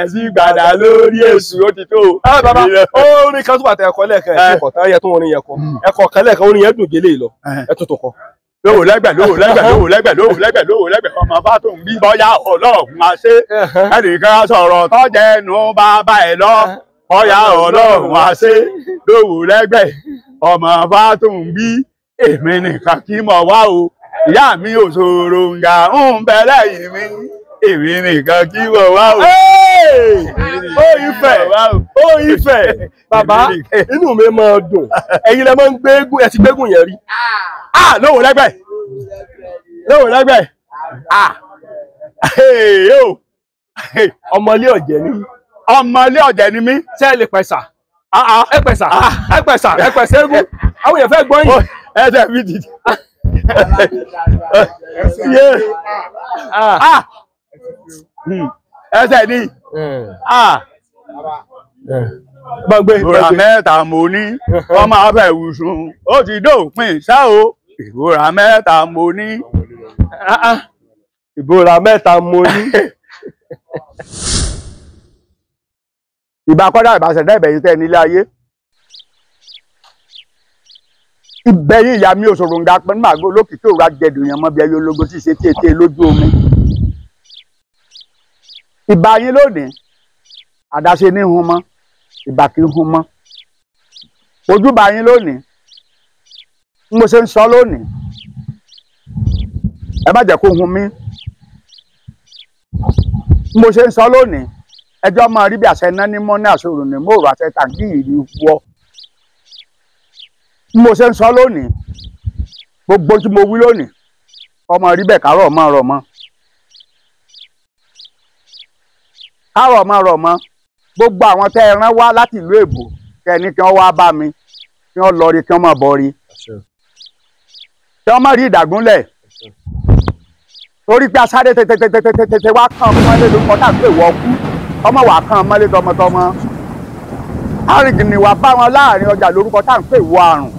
ẹ̀sìn gbàgbà lórí èṣù ó ti tó. ẹ bàbá orin kan tó wà tẹ ẹkọ lẹ́ẹ̀kan ẹkọ tán yẹ tó orin yẹn kọ mm. ẹkọ kan lẹ́ẹ̀kan orin yẹn dùn gélé e lọ ẹ tó tó kọ lówó lẹ́gbẹ̀ lówó lẹ́gbẹ̀ lówó lẹ́gbẹ̀ lówó lẹ́gbẹ̀ lówó lẹ́gbẹ̀ ọmọ bá tó ń bí bọ́yá ọlọ́run máa ṣe ẹnìkan sọ̀rọ̀ tọ́jẹ́ ẹnu bàbá ẹ̀ lọ bọ́yá ọlọ́run máa ṣe lówó lẹ́gbẹ̀ ọmọ bá tó ń bí èmi nìkan kí mọ̀ wá o ìyá mi òṣòro ń ga ń bẹ̀rẹ̀ yìí mi èmi nìkan kí wọ́n wá o. ó Ifẹ̀ ó Ifẹ̀ bàbá inú mi máa dùn ẹ̀yin lẹ máa ń gbégùn ẹ ti gbégùn yẹn rí. Ah! Ah, lóhùn lẹ́gbẹ̀ lóhùn lẹ́gbẹ̀ ah! ọmọlé ọ̀jẹ̀ ni ọmọlé ọ̀jẹ̀ ni mí. ṣé ẹ lè pẹ̀sà ẹ pẹ̀sà ẹ pẹ̀sà ẹ pẹ̀sà eégún àwọn èèyàn fẹ́ gbọ́ yìí. ẹ tẹ̀ fi dìde. Hmm. ẹsẹ̀ ní hmm. ah. hmm. gbọ́gbé ìbúra mẹ́ta mo ní wọ́n máa bẹ̀ wùsùn ó ti dópin ṣá o ìbúra mẹ́ta mo ní. Ah, ah. ìbúra mẹ́ta mo ní. ìbá kọ́dà ìbáṣẹ̀dá ìbẹ̀yìn tẹ́ nílé ayé ìbẹ̀yìn ìyá mi òṣòro ń ga pẹ́ nígbà lókìkí òru àjẹdùn yẹn mọ́ bí ẹyọ ológo tí ì lójú omi ìbà yín lónìí àdáṣe ní hun mọ́ ìbà kì í hun mọ́ ojúbà yín lónìí ń mo ṣe ń sọ lónìí ẹ má jẹ́ kó hun mí ń mo ṣe ń sọ lónìí ẹjọ́ máa rí bí àṣẹ iná ní mọ́ ní àṣòro ní mòrò àṣẹ tàǹkì ìrì wọ ń mo ṣe ń sọ lónìí gbogbo tí mo wí lónìí ọmọ rí bẹ́ẹ̀ kárọ̀ ọmọ rọ̀ mọ́. kárọ̀ mọ́ rọ̀ mọ́ gbogbo àwọn tẹ́ ẹ rán wá láti ìlú èbó kẹ́ ẹ ní kí wọ́n wá bá mi kí wọ́n lọ rí kí wọ́n mọ̀ bọ́ rí kí wọ́n mọ̀ rí ìdàgúnlẹ̀ torí pé asáré tètè wá kàn mọ́lé lórúkọ tá à ń pè wọ́ kú ọmọ wà kàn mọ́lé tọmọtọmọ àrìngìnì wà bá wọn láàrin ọjà lórúkọ tá à ń pè wọ àrùn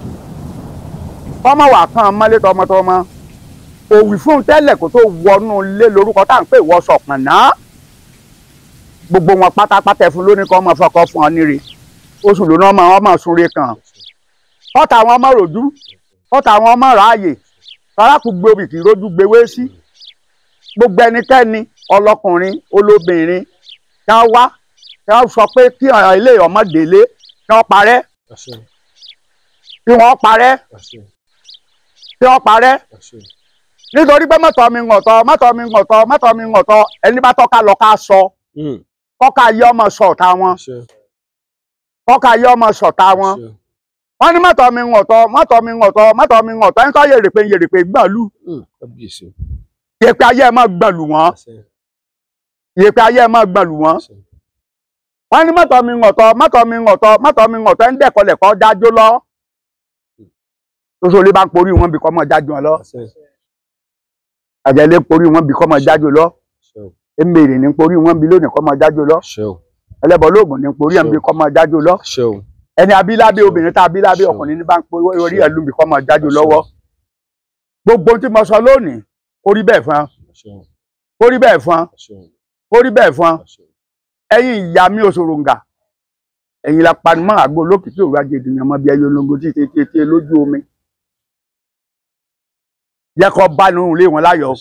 ọmọ wà kàn mọ́lé tọmọtọmọ òwì fún tẹ́lẹ̀ kó tó wọnú ilé lórúkọ tá à ń pè wọ sọ̀pọ̀nà gbogbo wọn pátápátá fún lónìí kan ọmọ fọkọ fún ọ níre oṣù lónà ọmọ wọn mọ súnre kan ọ̀tá àwọn ọmọ ròdú ọ̀tá àwọn ọmọ ráàyè farakùgbòbì kì í rójú gbewé sí gbogbo ẹnikẹ́ni ọlọ́kùnrin olóbìnrin ká wá ká sọ pé kí ilé ọmọdélé kí wọ́n parẹ́ kí wọ́n parẹ́ kí wọ́n parẹ́ nítorí pé mọ́tọ́ mi ń ọ̀tọ̀ mọ́tọ́ mi ń ọ̀tọ̀ mọ́tọ́ mi ń ọ̀tọ̀ ẹni bá tọ́ka lọ ká sọ. Hmm kọ́ka yọ ọmọ sọ̀tà wọn kọ́ka yọ ọmọ sọ̀tà wọn wọ́n ní mọ́tò mi ọ̀tọ̀ mọ́tò mi ọ̀tọ̀ mọ́tò mi ọ̀tọ̀ ẹni tó yèrèpè yèrèpè gbàlú hmm, yèpè ayé ẹ̀ máa gbàlú wọn yèpè ayé ẹ̀ máa gbàlú wọn wọ́n ní mọ́tò mi ọ̀tọ̀ mọ́tò mi ọ̀tọ̀ mọ́tò mi ọ̀tọ̀ ẹni dẹ̀kọlẹ̀kọ dájú lọ lóṣù olè bá ń porí wọn bí kọ́ mọ́ dájú lọ àjẹlé porí wọn bí kọ́ mọ́ dájú lọ emèrè ní porí wọn bí lónìí kó máa jájó lọ ẹlẹ́bọ lóògùn ní porí ẹ̀ ń bí kó máa jájó lọ ẹni abílábí obìnrin tá abílábí ọkùnrin ní bá ń porí orí ẹ̀ lùmí kó máa jájó lọ́wọ́ gbogbo tí mo sọ lónìí kó rí bẹ́ẹ̀ fún kó rí bẹ́ẹ̀ fún kó rí bẹ́ẹ̀ fún ẹ̀yin ìyá mi òṣòròǹgà ẹ̀yin la panumọ́ àgbo olókìkí òru ajé ènìyàn mọ́ bí ẹyọ olóńgbò tí tí tí lójú omi yẹ kó bá nínú ilé wọn láyọ̀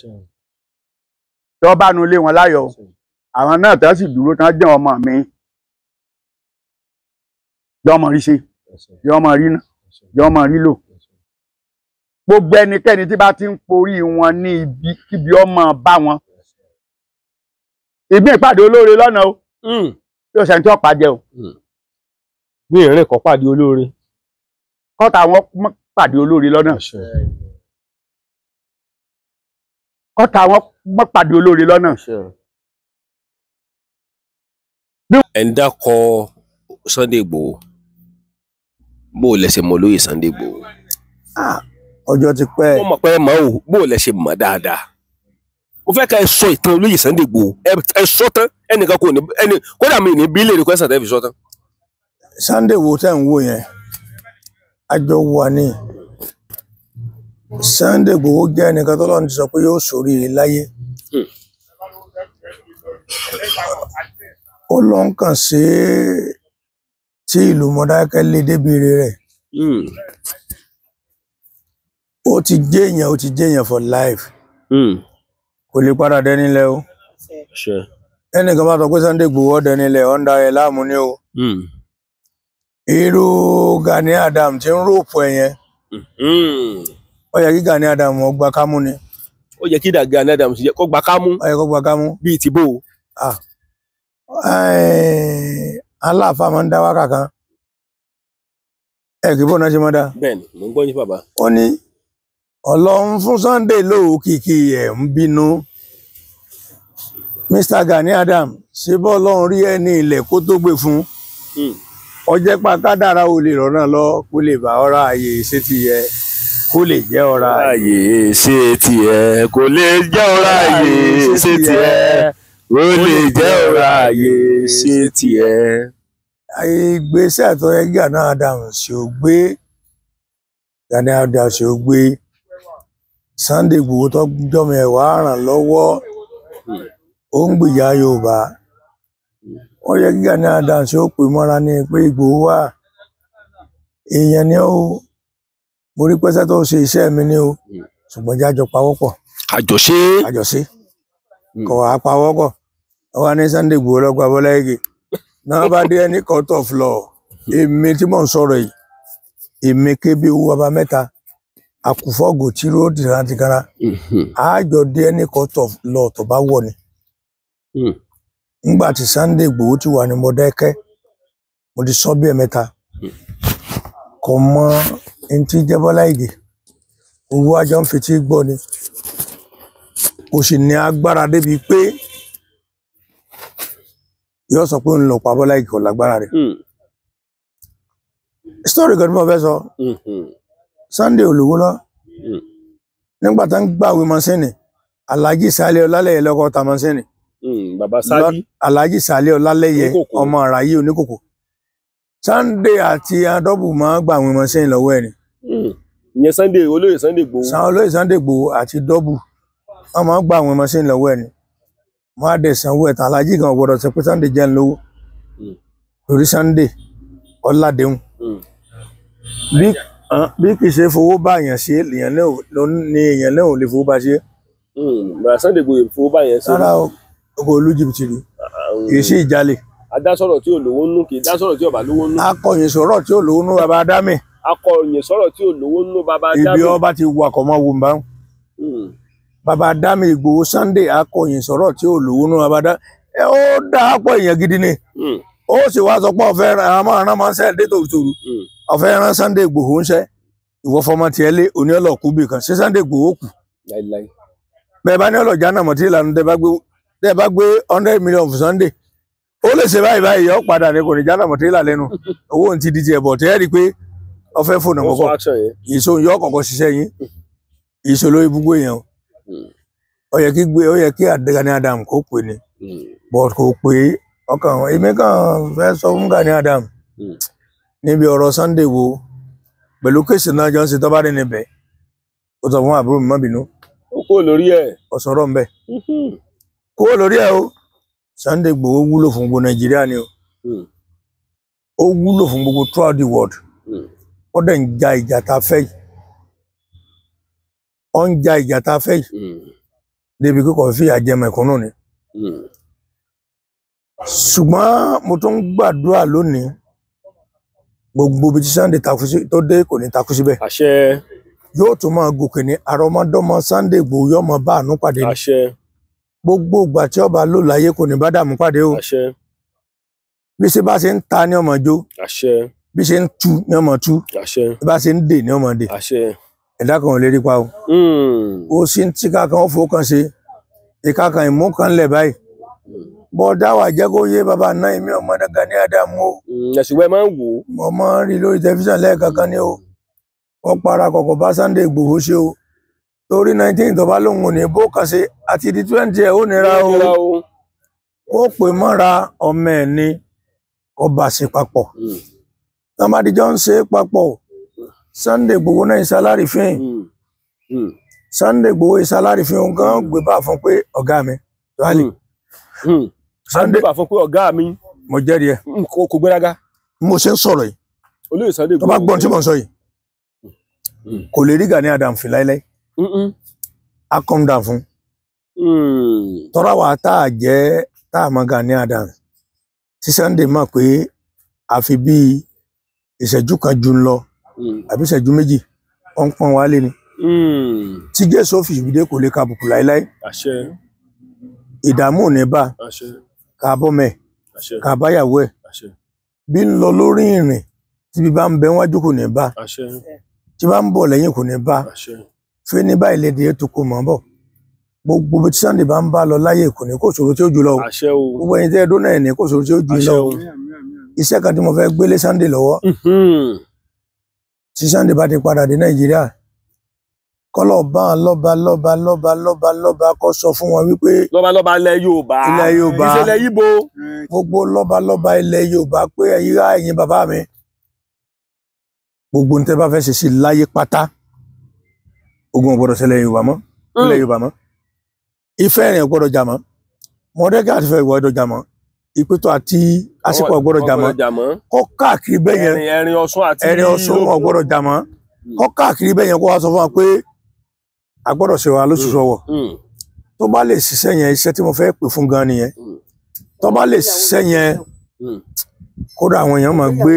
tó bá nu ilé wọn láyọ̀ àwọn náà tó sì dúró tán jẹ́ ọmọ mi yọ ọmọ rí ṣe yọ ọmọ rí ná yọ ọmọ rí lò gbogbo ẹnikẹ́ni tí bá ti ń porí wọn ní ibi kíbi ọmọ bá wọn ìgbín ìpàdé olóore lọ́nà o hmm. yóò ṣe ní tí wọ́n pàdé o. gbé ìrìn kan pàdé olóore. kọ́ta wọn pàdé olóore lọ́nà kọ́ta wọn mọ́ pàdé olóore lọ́nà. ẹ̀ ń dákọ Sunday Igboho bó o lẹ́sẹ̀ mọ̀ lóye Sunday Igboho. ọjọ́ ti pẹ́. wọ́n mọ̀ pé màá o bó o lẹ́sẹ̀ mọ̀ dáadáa mo fẹ́ ká ẹ sọ ìtàn olóyè Sunday Igboho ẹ sọ tán ẹnìkan kò ní ẹni kódà mi ní bílẹ̀ rẹ̀ kọ́sà tẹ́ fi sọ tán. Sunday wo tẹ́ ń wò yẹn àjọ wà ní Sunday Igboho jẹ́ ẹnìkan tó lọ́n ti sọ pé yóò ṣoríire láyé hmm. ó lọ ń kàn sí tí ìlú Mọdákẹ́kẹ́ lé débi rẹ̀ hmm. ó ti jẹ́yàn ó ti jẹ́yàn for life hmm. kò lè padà dẹ́nilẹ̀ o ẹnìkan bá sọ pé Sunday Igboho dẹ́nilẹ̀ ọ̀ndà ẹ̀ láàmú ni o irú Gani Adam ti ń ròpọ̀ ẹ̀yẹn. ó yẹ kí Gani gba ni. ó yẹ Gani adam ko gba kámú. ó gba ti bo aláàfáà máa ń dá wákà kan kì í bọ́ náà ṣe máa dá. bẹ́ẹ̀ni gbọ́ Sunday lo ẹ ń mbinu. Mr. Gani Adam ṣe bọ́ Ọlọ́run ẹni ilẹ̀ kó to gbe fun. Ọ pa yẹ. kó lè jẹ́ ọra ààyè ṣe tiẹ̀ kó lè jẹ́ ọ̀rá ààyè ṣe tiẹ̀ kó lè jẹ́ ọ̀rá ààyè ṣe tiẹ̀. ìgbésẹ̀ tó yẹ gíga náà dànù sí gbé Gani Adams ò gbé Sunday Igboho tó mo rí pẹ́sẹ́ tó ṣe iṣẹ́ mi ní o hmm. ṣùgbọ́n jẹ́ àjọ pawọ́pọ̀. àjọṣe. àjọṣe hmm. kò wá pawọ́pọ̀ wọn wá ní Sunday Igboho lọ́gbà Bọ́láìgè náà bá dé ẹni court of law èmi tí mò ń sọ̀rọ̀ yìí èmi kébí owó ọba mẹ́ta àkùfọ́gò tí ló dìrà tìkara àjọ hmm. dé court of law tó bá wọ̀ ni. ńgbà tí Sunday ti wà ní mo mo ti sọ bí ẹ̀mẹ́ta kò ẹni tí jẹ́ Bọ́lá Ìgè owó àjọ ń fetí gbọ́ ni kò sì ní agbára débi pé yóò sọ pé òun lọ pa Bọ́lá Ìgè lágbára rẹ̀ hmm. story kan tí mo fẹ́ sọ hmm. Sunday olówó lọ hmm. nígbà tá ń gbàwé mọ́sẹ́nì Alhaji Sàlẹ̀ Ọlálẹ́yẹ lọ́kọ́ ta mọ́sẹ́nì Alhaji Sàlẹ̀ Ọlálẹ́yẹ ọmọ àràyè oníkòkò Sunday àti adọ́bùmọ́ gbàwé mọ́sẹ́nì lọ́wọ́ ẹ̀ ni Hmm. ìyẹn Sunday olóyè Sunday Igboho. san olóyè Sunday Igboho àti dọ́bù wọn máa ń gba àwọn machine lọ́wọ́ ẹ̀ ni wọn á dẹ̀ sanwó ẹ̀ tán alájí kan gbọ́dọ̀ sọ pé Sunday jẹ́ ń lówó hmm. torí Sunday ọ̀làdéhùn hmm. ah, bí kì í ṣe fowó bá èèyàn ṣe lèèyàn náà ló ní èèyàn náà ò lè fowó bá ṣe. bàrà Sunday Igboho fowó bá yẹn ṣe. rárá o kò lu jìbìtì ni kì í ṣe ìjalè. adásọ̀rọ̀ tí ò lówó nù kì í dásọ̀rọ̀ tí ò bá lówó nù. akọ̀yìn sọ̀rọ̀ tí ò lówó nù bàbá adámì. akọ̀ròyìn sọ̀rọ̀ tí olówó lówó nínú bàbá dámì. ibi ọba ti wà kọ́ mọ́ ń bá hmm. bàbá dámì Ìgbòho Sunday akọ̀ròyìn sọ̀rọ̀ tí olówó bàbá dámì gidi ni hmm. ó sì wá sọ pé ọ̀fẹ́ àwọn máa ń sẹ́ dé tòrútòrú ọ̀fẹ́ Sunday Ìgbòho ń sẹ́ ìwọ fọmọ tiẹ̀ lé ọlọ́ọ̀kú bì kan ṣé Sunday Ìgbòho kù. ìlànà ọfẹ fóònù kọkọ ìṣó yọ ọkọkọ ṣiṣẹ́ iso lo lórí gbogbo èèyàn hmm. yẹ kí gbé ó yẹ kí Gani Adam kó pè ni hmm. but kọ pé ọkàn èmi kàn fẹ́ Adam hmm. níbi ọ̀rọ̀ Sunday wo pẹ̀lú kéèsì náà Johnson tó bá dé mi o Sunday ni o throughout the world. ó dẹ̀ ń ja ìjà tá a fẹ́ yìí ó ń ja ìjà tá fẹ́ yìí hmm. débi kíkọ́ fìyà jẹ mẹ̀kúnnù ni hmm. ṣùgbọ́n mo tún gbàdúrà lónìí gbogbo ibi tí Sunday takú sí tó dé kò ní takú síbẹ̀. àṣẹ. yóò tún máa gòkè ní àrọmọdọ́mọ Sunday Igboho yóò máa bá àánú pàdé ni. àṣẹ. gbogbo ìgbà tí ọba lò láyé kò ní bá dààmú pàdé o. bí ṣe bá ṣe ń ta ni ọmọ jó bí ṣe ń tú ní ọmọ tú bí bá ṣe ń dè ní ọmọ dè ẹ̀dá kan ò lè rí pa o. ó sì ń tíka kan ó fowó kan ṣe ìka kan ìmú kan lẹ̀ báyìí bọ́dá wà jẹ́ kó yé bàbá náà èmi ọmọ dangan ní Adamu o. Hmm, ẹ̀sùnwẹ́ máa ń wò ó. mo máa ń rí lórí tẹlifíṣàn lẹ́ẹ̀kankan ni o wọ́n para kọ̀kọ̀ bá Sunday Igboho ṣe o torí nineteen tó bá lóun ò ní bó kan ṣe àti di twenty ẹ̀ ó nira o ó pè mọ́ra ọmọ ẹ̀ ni ọba papọ̀. Hmm tán bá dìjọ ń ṣe é papọ̀ Sunday Igboho náà ìsàlárìfín hmm. hmm. Sunday Igboho ìsàlárìfín òun kan hmm. gbé bá fún pé ọ̀gá mi rálì. Sunday bá fún pé ọ̀gá mi. mo jẹ́rìí o kò gbéraga. mo ṣe ń sọ̀rọ̀ yìí. olóyè Sunday Igboho tó bá gbọ́n tí mò ń sọ yìí kò lè rí Gani Adam fi láéláé a come down fún. tọ́ra wa tá a jẹ́ tá a mọ Gani Adam sí Sunday mọ̀ pé àfi bíi ìṣẹ́jú kan ju ń lọ hmm. àbí ìṣẹ́jú méjì ọ̀ ń pọ́n wa lé ni. Hmm. tí jésù fi ìwúdé kò lè ka bùkù láéláé ìdààmú ní bá ká bọ́mẹ̀ ká báyàwó ẹ̀ bí ń lọ lórí ìrìn tí bí bá ń bẹ wájú kò ní bá tí bá ń bọ̀ lẹ́yìn kò ní bá fi ní báyìí lè dé ètò kò bọ̀ gbogbo bí Sunday bá ń bá lọ láyé kò ní kò ṣòro tí ó jù lọ gbogbo ẹni tẹ́ ẹ dún náà ní kò ṣòro tí ó jù lọ iṣẹ́ kan tí mo fẹ́ gbélé Sunday lọ́wọ́ mm-hmm. tí Sunday bá ti padà dé Nàìjíríà kọlọ bá wọn lọba lọba lọba lọba lọba kọ sọ fún wọn wípé. lọba lọba ilẹ̀ Yorùbá ilẹ̀ Yorùbá ìṣẹ̀lẹ̀ Ìgbò. gbogbo lọba lọba ilẹ̀ Yorùbá pé ẹ̀yin ra ẹ̀yin bàbá mi gbogbo ní tẹ́ bá fẹ́ ṣe sí láyé pátá ogun ọgbọdọ ṣẹlẹ̀ Yorùbá mọ́ mm. ilẹ̀ Yorùbá mọ́ ìfẹ́ rìn ọgbọdọ jà mọ́ mọdẹkẹ àti ìfẹ́ ìwọ jà mọ́ ìpètò àti àsìkò ọgbọ́dọ̀ jàmọ́ kọ́ káàkiri bẹ́ẹ̀ yẹn ẹ̀rin ọ̀sán àti ẹ̀rin ọ̀sán ọgbọ́dọ̀ jàmọ́ hmm. kọ́ káàkiri bẹ́ẹ̀ yẹn kó wá sọ fún wa pé agbọ́dọ̀ ṣe wa lóṣù sọ̀wọ̀ hmm. hmm. tó bá lè tí mo fẹ́ pè fún gan nìyẹn tó bá lè ṣiṣẹ́ yẹn kódà àwọn èèyàn máa gbé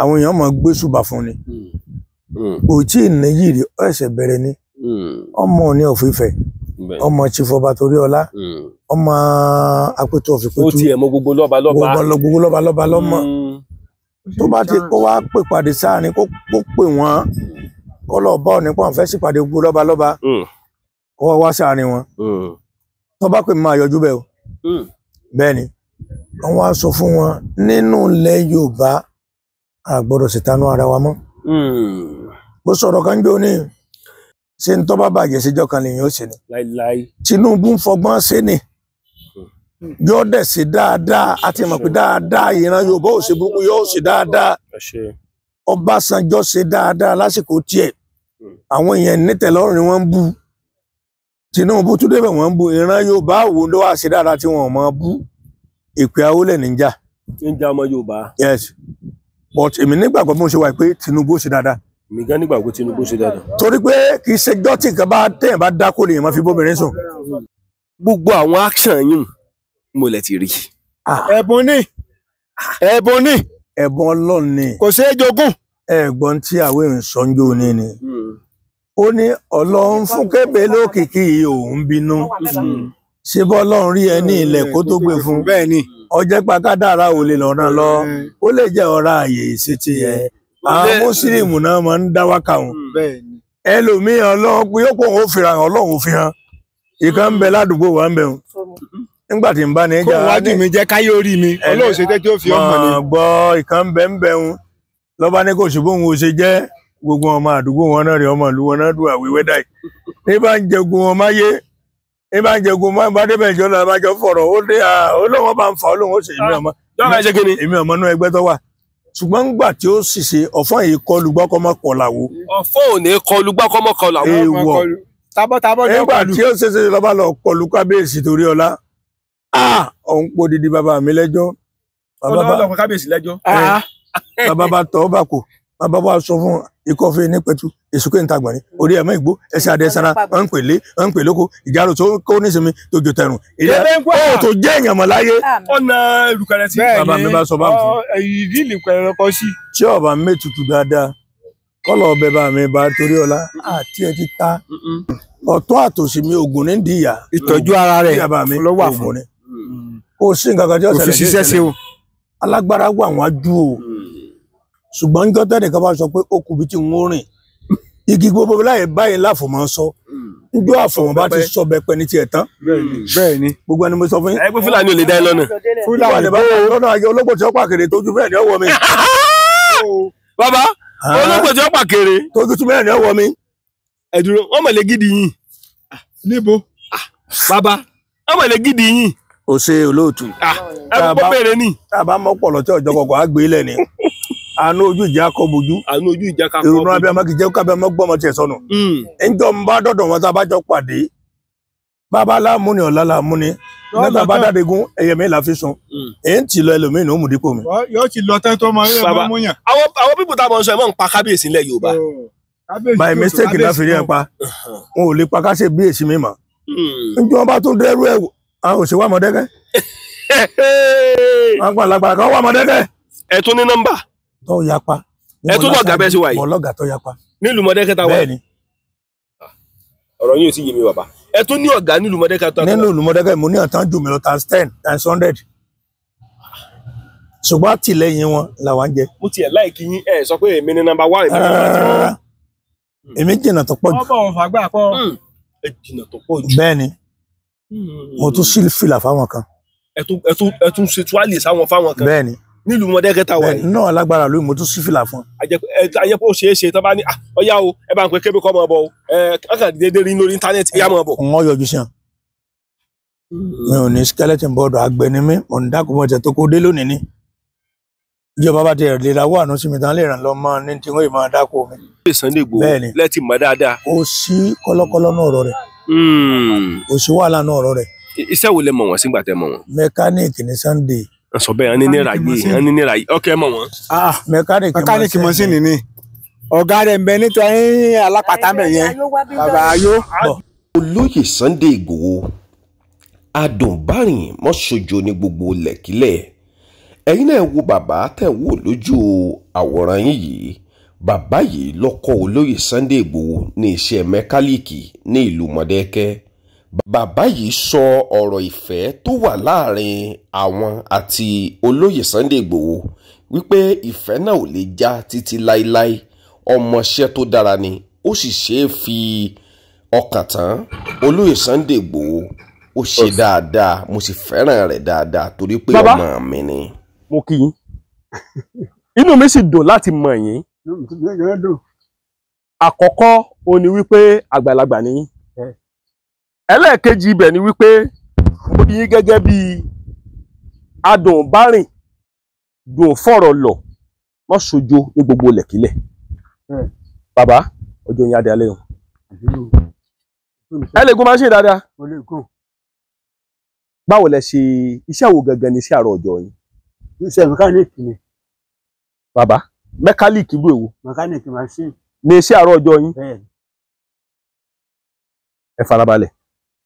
àwọn èèyàn máa gbé fún ni kò tí ì ni ọmọ ọmọ chifoba torí ọlá hmm. ọmọ apẹtù ọfìpẹtù ó tiẹ̀ mọ gbogbo lọ́ba lọ́ba gbogbo lọ́ba lọ́ba lọ́mọ hmm. tó bá ti kó wá pè pàdé sáàrin kó pè wọ́n kó lọ bá ọ̀nìpọ̀ ọ̀fẹ́ sì pàdé gbogbo lọ́ba lọ́ba hmm. kó wá wá sáàrin wọn tó bá pè máa yọjú bẹ́ẹ̀ o bẹ́ẹ̀ ni wọ́n wá sọ fún wọn nínú ilẹ̀ Yorùbá a gbọ́dọ̀ ṣètànú ara wa mọ́ bó sọ̀rọ̀ kan jọ ṣe ń tọ́ bá bàjẹ́ síjọ́ kan lèyìn ó ṣe ni. láíláí. Tinubu ń fọgbọ́n ṣe ni hmm. yóò dẹ̀ ṣe dáadáa a ti mọ̀ pé dáadáa ìran Yorùbá ò ṣe burúkú yóò ṣe dáadáa Ọbásanjọ́ ṣe dáadáa lásìkò tiẹ̀ hmm. àwọn èèyàn nítẹ̀lọ́rùn ni wọ́n ń bú Tinubu tún débẹ̀ wọ́n ń bú ìran Yorùbá wo ló wá ṣe dáadáa tí wọ́n mọ̀ bú ìpè àwọlẹ̀ níjà. níjà ọmọ Yorùbá. yes but èmi nígbàgbọ́ bí mo ṣe wà pé Tinubu ó ṣe dáadáa mi gan nígbà pé Tinubu ṣe dáadáa. torí pé kì í ṣe dọ́tì kan bá tẹ̀yìn bá dákó lèèyàn máa fi bóbìnrin sùn. gbogbo àwọn action yìí mo lè ti rí. ẹ̀bùn ni ẹ̀bùn ni. ẹ̀bùn ọlọ́run ni. kò ṣeé jogún. ẹ̀gbọ́n tí àwọn èèyàn sọ ń jó ní ni. Hmm. ó ní ọlọ́run fún kébé lókìkí òun bínú. Hmm. ṣé bọ́ ọlọ́run rí ẹ ní hmm. ilẹ̀ kó tó gbé fún. bẹ́ẹ̀ ni. ò lè lọ́ràn lọ. ó lè jẹ́ ọ̀rá àyè ìṣètì yẹn àwọn ah, mùsùlùmù náà máa ń dá wákà wọn hmm, ẹlòmíì ọlọ́run pé yóò pọ̀ òun ò fi hàn ọlọ́run ò fi hàn ìkan ń bẹ hmm. ládùúgbò wa ń bẹ wọn nígbà tí n bá ní jà ní. kó wájú mi jẹ́ káyé orí mi ọlọ́run ṣe tẹ́tí ó fi ọmọ ni. gbọ́ ìkan ń bẹ ń bẹ wọn lọ́ba ní kò sí bóun ò ṣe jẹ́ gbogbo ọmọ àdúgbò wọn náà rí ọmọ ìlú wọn náà dùn àwíwẹ́ dà yìí ní bá ń jẹgun wọn máyé ní bá ń jẹgun wọn ṣùgbọ́n ńgbà tí ó ṣìṣe ọ̀fọ́n yìí kọlu gbọ́kọ́mọ́ kọlàwó. ọ̀fọ́ ò ní kọlu gbọ́kọ́mọ́ kọlàwó. èèwọ̀ tabọ́tabọ́ ní ọkọlù. ńgbà tí ó ṣeéṣe lọ́ba lọ kọlu kábíyèsí torí ọlá ọ̀hún pò dídí bàbá mi lẹ́jọ́. ọlọ́wọ́ lọ́kọ̀ kábíyèsí lẹ́jọ́. bàbá bá tọ́ bàkò bàbá wa sọ fún ikọ̀fẹ́ nípẹ̀tù èsùkẹ́ ntàgbọ̀nrín orí ẹ̀mọ́ ìgbó ẹ̀sẹ̀ àdẹ́sára ọ̀ ń pèlé ọ̀ ń pèlóko ìjárò tó kó nísìmí tó jò tẹrùn ìyá ó tó jẹ́ èèyàn mọ̀ láyé. ọ̀nà ìlúkẹrẹ sí bàbá mi bá sọ bá fún. ìdí ìlúkẹrẹ kọ sí. tí ọba mi tutù dáadáa kọlọ ọbẹ bá mi bá torí ọlá àti ẹ ti ta ọ̀tún àtòsí mi ògùn ní ìdíyà ìtọ́jú ara rẹ lọ́wọ́ àfọ̀n ṣùgbọ́n níjọ́ tẹ́nìkan bá sọ pé ó kù bí tí n ó rìn igi gbogbo láyé báyìí láfọ̀ máa ń sọ mm. njọ́ àfọ̀mọ́ bá ti sọ bẹ́ẹ̀ pẹ́ ní tiẹ̀ tán ni gbogbo ẹni mo sọ fún yín. ẹgbẹ́ fúlàní ò lè dá ẹ lọ́nà. fúlàní bá wà lọ́nà ayé ológbò tí ó pàkèrè tójú bẹ́ẹ̀ ni ó wọ mi. bàbá ah. ológbò tí ó pàkèrè. tójú bẹ́ẹ̀ ni ó wọ mi. ẹ dúró gidi yín. Ah, níbo. Ah, bàbá wọn gidi yín. o ṣe olóòtú. ẹ ni. tá a bá mọ́ pọ̀lọ́ tí ọ̀jọ̀ ni àánú ojú ìjà kọ bojú àánú ojú ìjà kakọ bojú èrò náà bí a máa kì í jẹ́ kábẹ́ máa gbọ́ ọmọ tiẹ̀ sọnù. Hmm. ǹjọ́ ń bá dọ̀dọ̀ wọn tá a bá jọ pàdé bàbá láàmú ni ọ̀la láàmú ni nígbà bá dáde gún ẹyẹ mi là fi sun hmm. èyí ti lọ ẹlòmíì ní òmùdí kò mi. yóò ti lọ tẹ́ tó mọ ilé ọmọ múyàn. àwọn pípù tá a mọ̀ sọ ẹ̀ mọ̀ ń pa kábíyèsí nílẹ̀ Yorùbá. Oh, by mistake náà fi rí pa uh-huh. n ò lè pa káṣe bíyèsí mi mọ̀. njẹ́ wọ́n bá tún dẹ́rú ẹ̀ àwọn òṣèwà Mọ̀dákẹ́kẹ́. àwọn àgbàlagbà kan wà Mọ̀dákẹ́kẹ́. ẹ tún ní nọ́mbà tó yapa. ẹ tún lọgà bẹ́ẹ̀ sí wa yìí. mo lọgà tó yapa. nílùú mọdẹkẹta wa bẹ́ẹ̀ ni. Ah, ọ̀rọ̀ yín ò sì yé mi bàbá ẹ tún ní ọ̀gá nílùú mọdẹkẹta. nílùú mọdẹkẹta mo ní ọ̀tán jù mí lọ times ten times hundred ṣùgbọ́n àtìlẹyìn wọn làwa ń jẹ. mo tiẹ̀ láìkí yín ẹ sọ pé èmi ni nọ́mbà wá èmi ni nọ́mbà tí hmm. èmi jìnnà tó pọ̀ jù. ọbọ̀ òun fàgbà pọ̀. Hmm. ẹ jìnnà tó pọ̀ jù. bẹ́ẹ̀ hmm. mo tún sí fìlà fáwọn kan. ẹ tún ẹ tún ẹ tún sáwọn fáwọn kan. bẹ́ẹ̀ nílùú mọdẹkẹ ta wà. náà lágbára lóyún mo tún sí fìlà fún. àjẹpọ ó ṣeé ṣe tó bá ní ọyá ah, o ẹ bá ń pe kébé kọ́ mọ̀ bọ̀ o ọkàn déédéé rí lórí íńtánẹ́ẹ̀tì ìyá mọ̀ bọ̀. wọn yọjú sí hàn mi ò ní skeleton board àgbẹ̀ ni mí mò ń dákú mọ́tẹ́ tó kó dé lónìí ni ìjọba bá ti rẹ̀ lè rawọ́ àánú sí mi tán lè ràn lọ mọ́ ní tí wọ́n yìí máa dákú mi. Sunday Igboho lẹ́tì mọ́ dáadáa. ó sí kọ́lọ́kọ́lọ́ ó hmm. sí wàhálà sọ bẹ́ẹ̀ ẹni nira yìí ẹni nira yìí ọkẹ mọ wọn. ah mẹkáníìkì mọṣíìnì mọṣíìnì ni ọ̀gá rẹ̀ ń bẹ nítorí alápàtà mẹ yẹn bàbá ayó. olóyè Sunday Igboho adùnbárìn mọ́ṣojo ní gbogbo lẹ̀kílẹ̀ ẹ̀yin náà wo bàbá tẹ̀ wò lójú àwòrán yín yìí bàbá yìí ló kọ́ olóyè Sunday Igboho ní iṣẹ́ mẹkáníìkì ní ìlú Mọ̀dákẹ́kẹ́ bàbá yìí sọ ọ̀rọ̀ ìfẹ́ tó wà láàrin àwọn àti olóyè Sunday Igboho wípé ìfẹ́ náà ò lè já títí láéláé ọmọọṣẹ́ tó dára ni ó sì ṣe é fi ọkàn tán olóyè Sunday Igboho ó ṣe dáadáa mo sì fẹ́ràn rẹ̀ dáadáa torí pé ọmọ mi ni. mo kì í inú mi sì dùn láti mọ̀ yín àkọ́kọ́ ó ní wípé àgbàlagbà ni yín ẹlẹ́ẹ̀kejì ibẹ̀ ni wípé mo rí bi gẹ́gẹ́ bí adùn bárìn dùn fọ̀rọ̀ lọ mọ́ sojo ní gbogbo lẹ̀kílẹ̀ bàbá ọjọ́ yín adé alẹ́ o ẹ lè gún máṣíìnì dáadáa báwo lẹ ṣe iṣẹ́ wo gangan ni iṣẹ́ àárọ̀ ọjọ́ yín. iṣẹ́ mẹkáníìkì ni. bàbá mẹkáníìkì mẹkáníìkì àárọ̀ ọjọ́ yín. ẹ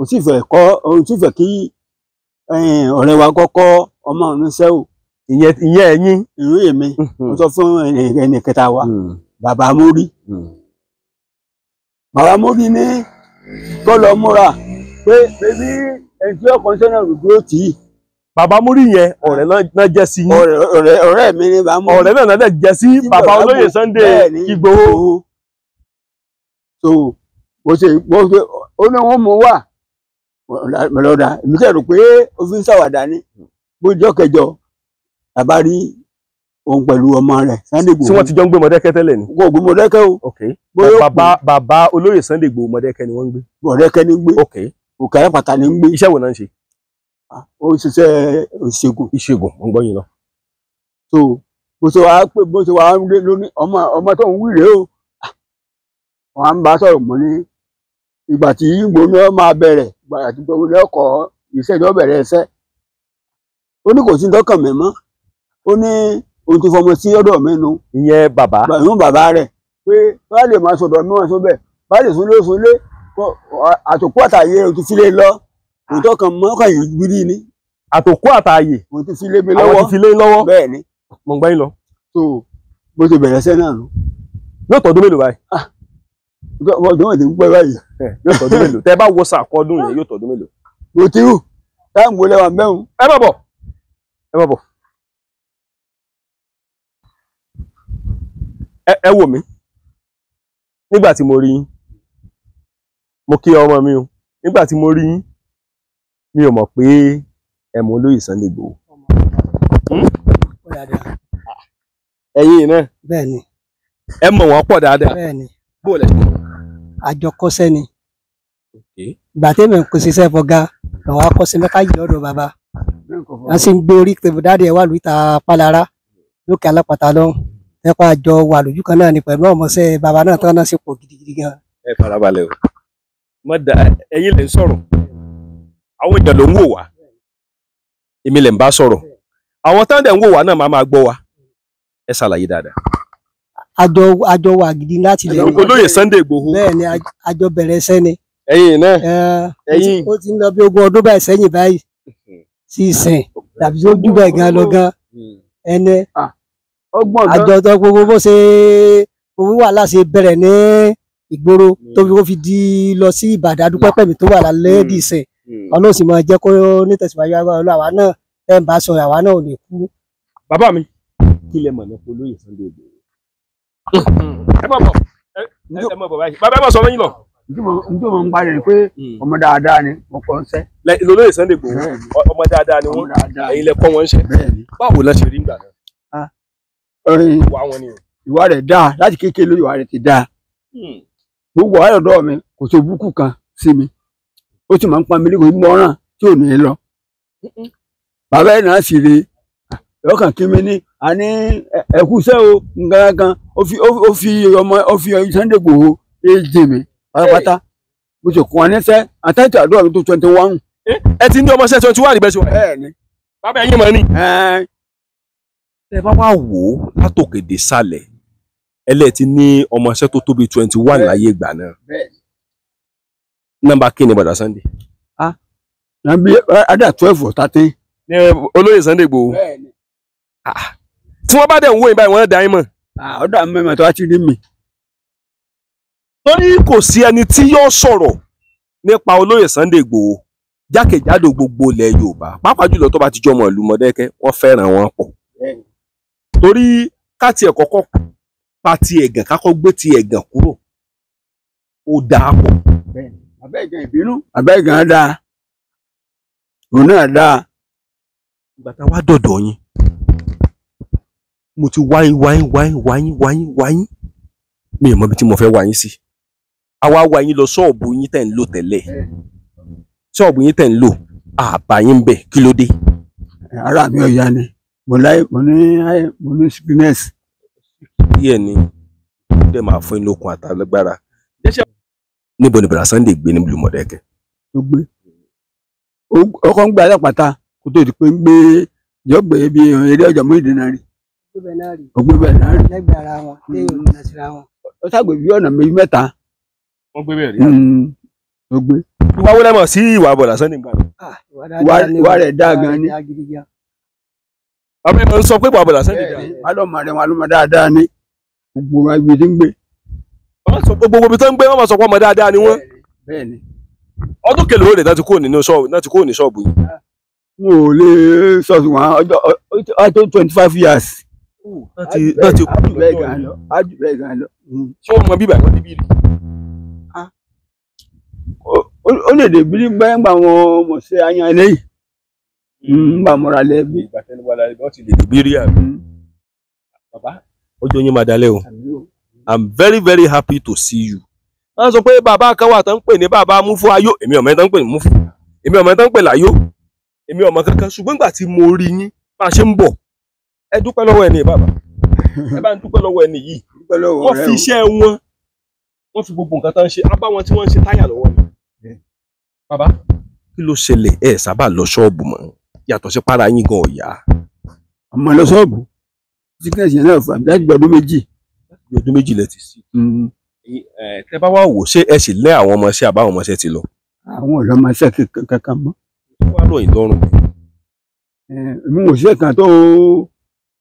ò sì fẹ́ kọ́ ò sì fẹ́ kí eh, ọ̀rẹ́ wa kọ́kọ́ ọmọ mi ṣẹ́ o. ìyẹn ìyẹn ẹ̀yin. ìlú èmi mm-hmm. mo sọ fún ẹnì kẹta wa mm. bàbá mórí mm. bàbá mórí ní kó lọ múra pé bébí ẹni tí ọkàn sẹ́nà rògbò tì í. bàbá mórí yẹn ọ̀rẹ́ náà jẹ́ sí yín. ọ̀rẹ́ ọ̀rẹ́ mi ni bàbá mórí. ọ̀rẹ́ náà náà jẹ́ sí bàbá olóyè Sunday Igboho. so mo ṣe mo ṣe ó ní wọn mú wá lọ́dà èmi kẹ́ rò pé ó fi ń ṣàwàdà ní hmm. bójọ́ kẹjọ bàbá rí òun pẹ̀lú ọmọ rẹ̀ Sunday Igboho. tí wọ́n ti jọ ń gbé Mọ̀dẹ́kẹ́ tẹ́lẹ̀ ni. kò gbé Mọ̀dẹ́kẹ́ o. ok bàbá bàbá olóyè Sunday Igboho Mọ̀dẹ́kẹ́ ni wọ́n ń gbé. Mọ̀dẹ́kẹ́ ni ń gbé. ok Òkè Pàtà ni ń gbé. iṣẹ́ wo náà ń ṣe. ó ṣiṣẹ́ ìṣègùn. ìṣègùn mo ń gbọ́ yín lọ. so bó ṣe wàá pé bó ṣe wàá lóní ọmọ ọmọ tó ń wí rèé o. wọ́n á ń bá sọ̀rọ̀ mọ́ ní ìgbà tí gbòmí ọ máa bẹ̀rẹ̀ ìgbà tí gbòmí ọ kọ iṣẹ́ ìjọba bẹ̀rẹ̀ iṣẹ́ ó ní kò sí dọ́kàn mi mọ́ ó ní ohun ti fọmọ sí ọ̀dọ̀ mi nu. ìyẹn bàbá. ìyẹn bàbá rẹ̀ pé bá lè máa sọ̀dọ̀ mi wọn sọ bẹ́ẹ̀ bá lè sunlé sunlé àtòkú àtàyè ohun ti file lọ ohun tó kàn mọ́ kàn yìí gidi ni. àtòkú àtàyè. ohun ti file mi lọ́wọ́ àwọn ti file lọ́wọ́. bẹ́ẹ̀ ni. mo ń gbá yín lọ. so ọdún náà ti ń pẹ́ báyìí. mélòó tẹ bá wo sàkọọdún yóò tọdún mélòó. mo kí ọmọ mi o nígbà tí mo rí mi ò mọ̀ pé ẹ mọ̀ olóyè Sunday Igboho. Hmm? ẹ̀yin náà ẹ wọ́n pọ̀ dáadáa bó lẹ ṣe. àjọ kọ́ṣẹ́ ni ìgbà tẹ́mi kò ṣiṣẹ́ fọ̀gá àwọn akọ́ṣẹ́ mẹ́ka yìí lọ́dọ̀ Baba. wọ́n sì ń gbé orí tèmi dáadé ẹ̀ wà lóyún ta pálára lókè alápàtà lọ́hùn ẹ̀kọ́ àjọ wà lójú kan náà ni pẹ̀lú ọmọọṣẹ́ bàbá náà tán náà sì pọ̀ gidigidi gan. ẹ farabalẹ̀ o mọ da ẹ̀yin lè sọ̀rọ̀ àwọn èèyàn ló ń wò wá èmi lè ń bá sọ̀rọ̀ àwọn táwọn dẹ̀ ń wò wá náà máa máa gbọ́ wa ẹ ṣàlàyé dáadáa àjọ àjọ wà gidi láti lè ní. olóyè Sunday Igboho. bẹ́ẹ̀ ni àjọ bẹ̀rẹ̀ iṣẹ́ ni. ẹ̀yin náà ẹ̀yin. ó ti ń lọ bí ogún ọdún báyìí sẹ́yìn báyìí sí ìsìn tàbí tó jù bẹ́ẹ̀ gan lọ gan hmm. ẹni àjọ tó gbogbo bó ṣe owó wàhálà ṣe bẹ̀rẹ̀ ní ìgboro hmm. tó fi kó fi di lọ sí Ìbàdàn adúpẹ́ hmm. pẹ̀mí tó wà lálẹ́ dì ìsìn ọlọ́run sì máa jẹ́ kó nítẹ̀síwájú agbára àwa náà ẹ̀ mi kí lẹ mọ̀ Sunday Igboho. njó mo ń parí pé hmm. ọmọ dáadáa ni mo kọ́ ń sẹ́. lọ́lọ́ Sunday Igboho ọmọ dáadáa ni wọ́n èyí lẹ kọ́ wọn ṣe báwo la ṣe rí ìgbà ah, ti dáa hmm. gbogbo ọ̀dọ́ mi kò búkú kan sí mi ó sì máa ń lọ. bàbá ẹ̀ náà sì ó fi ọmọ ó fi Sunday Igboho èjì mi pátápátá mo sì kún wa níṣẹ́ àtàtì àdúrà mi tó twenty one. ẹ ti ní ọmọọṣẹ́ twenty one àdìbẹ́sọ. bẹ́ẹ̀ni. bàbá ẹ̀yin mọ̀ ni. ẹ bá wá wò ó látòkè dé sàlẹ̀ ẹlẹ́ẹ̀tì ní ọmọọṣẹ́ tó tóbi twenty one láyé ìgbà náà. nọ́mbà kí ni bọ̀dà Sunday. ah nàbí adá twelve or thirteen. Eh, olóyè Sunday Igboho. Ah, ah. tí wọ́n bá dẹ̀ ń wò yín báyìí wọ́n dá yín mọ̀ ọ̀dà mẹ́mọ̀ tó wá ti rí mi. torí kò sí ẹni tí yóò sọ̀rọ̀ nípa olóyè Sunday Igboho jákèjádò gbogbo ilẹ̀ Yorùbá pàápàá jùlọ tó bá ti jọmọ ìlú Mọdákẹ́kẹ́ wọ́n fẹ́ràn wọn pọ̀ torí ká tiẹ̀ kọ́kọ́ pa ti ẹ̀gàn kákọ́ gbé ti ẹ̀gàn kúrò ó dáa pọ̀ abẹ́ẹ̀gàn ìbínú abẹ́ẹ̀gàn dáa òun náà dáa ìgbà tá dọ̀dọ̀ yín mo ti wáyín wáyín wáyín wáyín wáyín wáyín mi ò mọ ibi tí mo fẹ́ wáyín sí àwa wáyín lọ ṣọ́ọ̀bù yín tẹ̀ ń lò tẹ́lẹ̀ ṣọ́ọ̀bù yín tẹ̀ ń lò àbá yín bẹ̀ kí ló dé. ara mi ò yá ni mo láì mo ní mo ní sickness. díẹ̀ ni dẹ́ máa fún inú okun àtàlágbára. níbo ni bàrà Sunday gbé ní Blue-Modẹkẹ. ó gbé ọkọ̀ ń gbé alápàtà kó tó di pé ń gbé yọ̀gbẹ́ bíi eré ọjà mú ìdènà rí ọgbẹ́ náà rí ọgbẹ́ náà rí lẹ́gbẹ̀ẹ́ ara wọn mm. lẹ́yìn olùdá síra wọn. ó ṣàgbé bí ọ̀nà méjì mẹ́ta. wọ́n gbé bẹ́ẹ̀ rí. Mm. ó gbé. wọ́n wọlé mọ̀ sí ìwà àbọ̀dà sẹ́ni ìgbà rẹ̀. ìwà rẹ̀ dáa gan kúrò nínú ṣọ́ọ̀bù yìí. Ah. n ò lè sọ̀tún wọn ọjọ́ twenty five years. Hmm. o mọ bíbà wọn níbí rí. wọn mọ̀ sí ayan eléyìí nba hmm. hmm, mọ́ra lẹ́bi. ìgbà tẹ́lẹ̀ wà lálẹ́ o i'm very very happy to see you. wọ́n sọ pé bàbá kan wà tó ń pè ní bàbá amúfú ayó èmi ọ̀mọ tó ń pè ní múfú èmi ọ̀mọ tó ń pè láyó èmi ọ̀mọ kankan ṣùgbọ́n ìgbà tí mo rí yín bá ṣe ń bọ̀ ẹ dúpẹ́ lọ́wọ́ ẹni bàbá ẹ bá ń dúpẹ́ lọ́wọ́ ẹni yìí wọ́n fi iṣẹ́ wọn wọ́n fi gbogbo nǹkan tó ń ṣe abá wọn tí wọ́n ń ṣe táyà lọ́wọ́ ni. bàbá kí ló ṣẹlẹ̀ ẹ sábà lọ ṣọ́ọ̀bù mọ́ yàtọ̀ sí para yín gan ọ̀yà. àmọ́ lọ ṣọ́ọ̀bù tí kí ẹ̀sìn náà fà mí láti gbọdún méjì. láti gbọdún méjì lẹ ti sí. Mm-hmm. tẹ bá wá wò ṣé ẹ sì lé àwọn ọmọọṣẹ́ àbáwọn ọmọọṣẹ́ ti lọ. àwọn ọ̀dọ́mọṣẹ́ kankan mọ́. wọ́n á ròyìn lọ́rùn. mi ò kan tó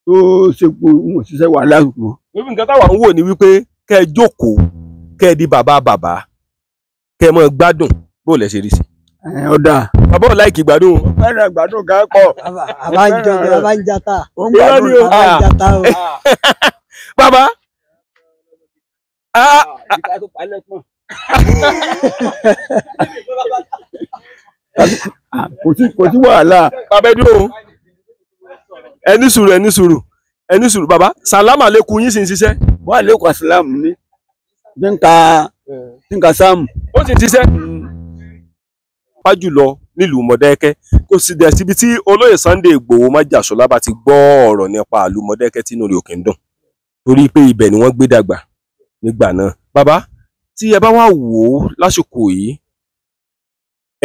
tó ṣepo wọn ṣiṣẹ́ wàhálà wọn. wípé nǹkan táwa ń wò ní wípé kẹ́ ẹ jókòó kẹ́ ẹ di bàbá bàbá kẹ́ ẹ mọ gbádùn bó lẹ ṣe rí sí. ẹ ọ dáa. bàbá ò láìkì gbádùn. bẹ́ẹ̀ni àgbàdo kan kọ. àbá ń jọ àbá ń jata. ó ń gbádùn àbá ń jata o. bàbá. Ah. Ah, kò sí wàhálà. bàbá ẹ dúró ẹ ní sùúrù ẹ ní sùúrù baba ní sùúrù bàbá sàlámù àlékún yín sì ń ṣiṣẹ́. wà á lékún àsìlámù ní ní nka ní nka sáàmù. ó sì ń ṣiṣẹ́. wá jùlọ nílùú mọ̀dẹ́kẹ́ kò sì dẹ̀ síbi tí olóyè Sunday Ìgbòho májàsọ́lá bá ti gbọ́ ọ̀rọ̀ nípa àlù mọ̀dẹ́kẹ́ tí inú rẹ̀ òkè ń dùn torí pé ibẹ̀ ni wọ́n gbé dàgbà nígbà náà. bàbá tí ẹ bá wà wò ó lásìkò yìí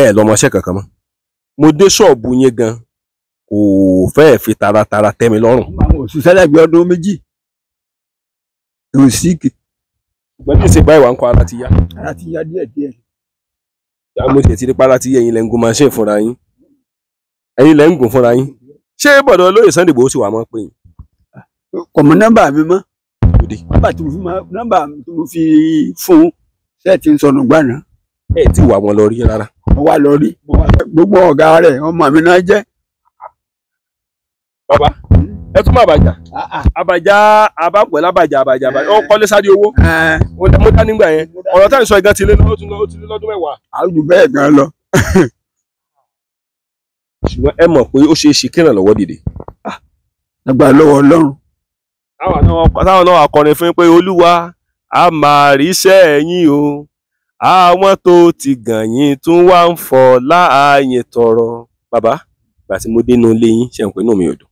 ẹ lọmọṣẹ́ kankan mọ́ mo dé ṣọ́ọ̀bù yín gan kò fẹ́ẹ̀ fi taratara tẹ́ mi lọ́rùn. àwọn òṣìṣẹ́ lẹ́gbẹ̀ẹ́ ọdún méjì èrò síìkì. ìgbà tí èsì báyìí wà ń kọ́ ara ti yá. ara ti yá díẹ̀díẹ̀. ìyá mo tiẹ̀ ti rí para ti yẹ ẹ̀yin lẹ́ngùn máa ṣe fúnra yín ẹ̀yin lẹ́ngùn fúnra yín ṣé bọ̀dọ̀ olóyè Sunday Igboho sì wà mọ́ pé yín. kò mọ nọ́mbà mi mọ́ nọ́mbà tí mo fi nọ́mbà tí mo fi fún ṣẹ́ẹ̀ tí ń sọnù gbàná. ẹ ti wà wọn lọ rí rárá. mo wà lọ rí gbogbo ọ̀gá rẹ̀ ọmọ mi náà jẹ́ Baba, ẹ tún mọ Abaja, àbàjá àbápẹ̀lẹ̀ ah, àbàjá ah. abaja. àbàjá ó kọ́lé sáré owó eh. mo dá nígbà yẹn ọ̀rọ̀ táyì sọ ìgan ti lé lọ́dún mẹ́wàá. àlùjù bẹ́ẹ̀ gan lọ. ṣùgbọ́n ẹ mọ̀ pé ó ṣeé ṣe kíràn lọ́wọ́ dìde. àgbà ah, lọ́wọ́ ọlọ́run. táwọn náà akọrin fún pé olúwa a máa ríṣẹ́ ẹ̀yìn o àwọn tó ti gàn yín tún wá ń fọ láàyè tọrọ bàbá gbà mo dénú ilé yín ṣe ń pè inú mi ò dùn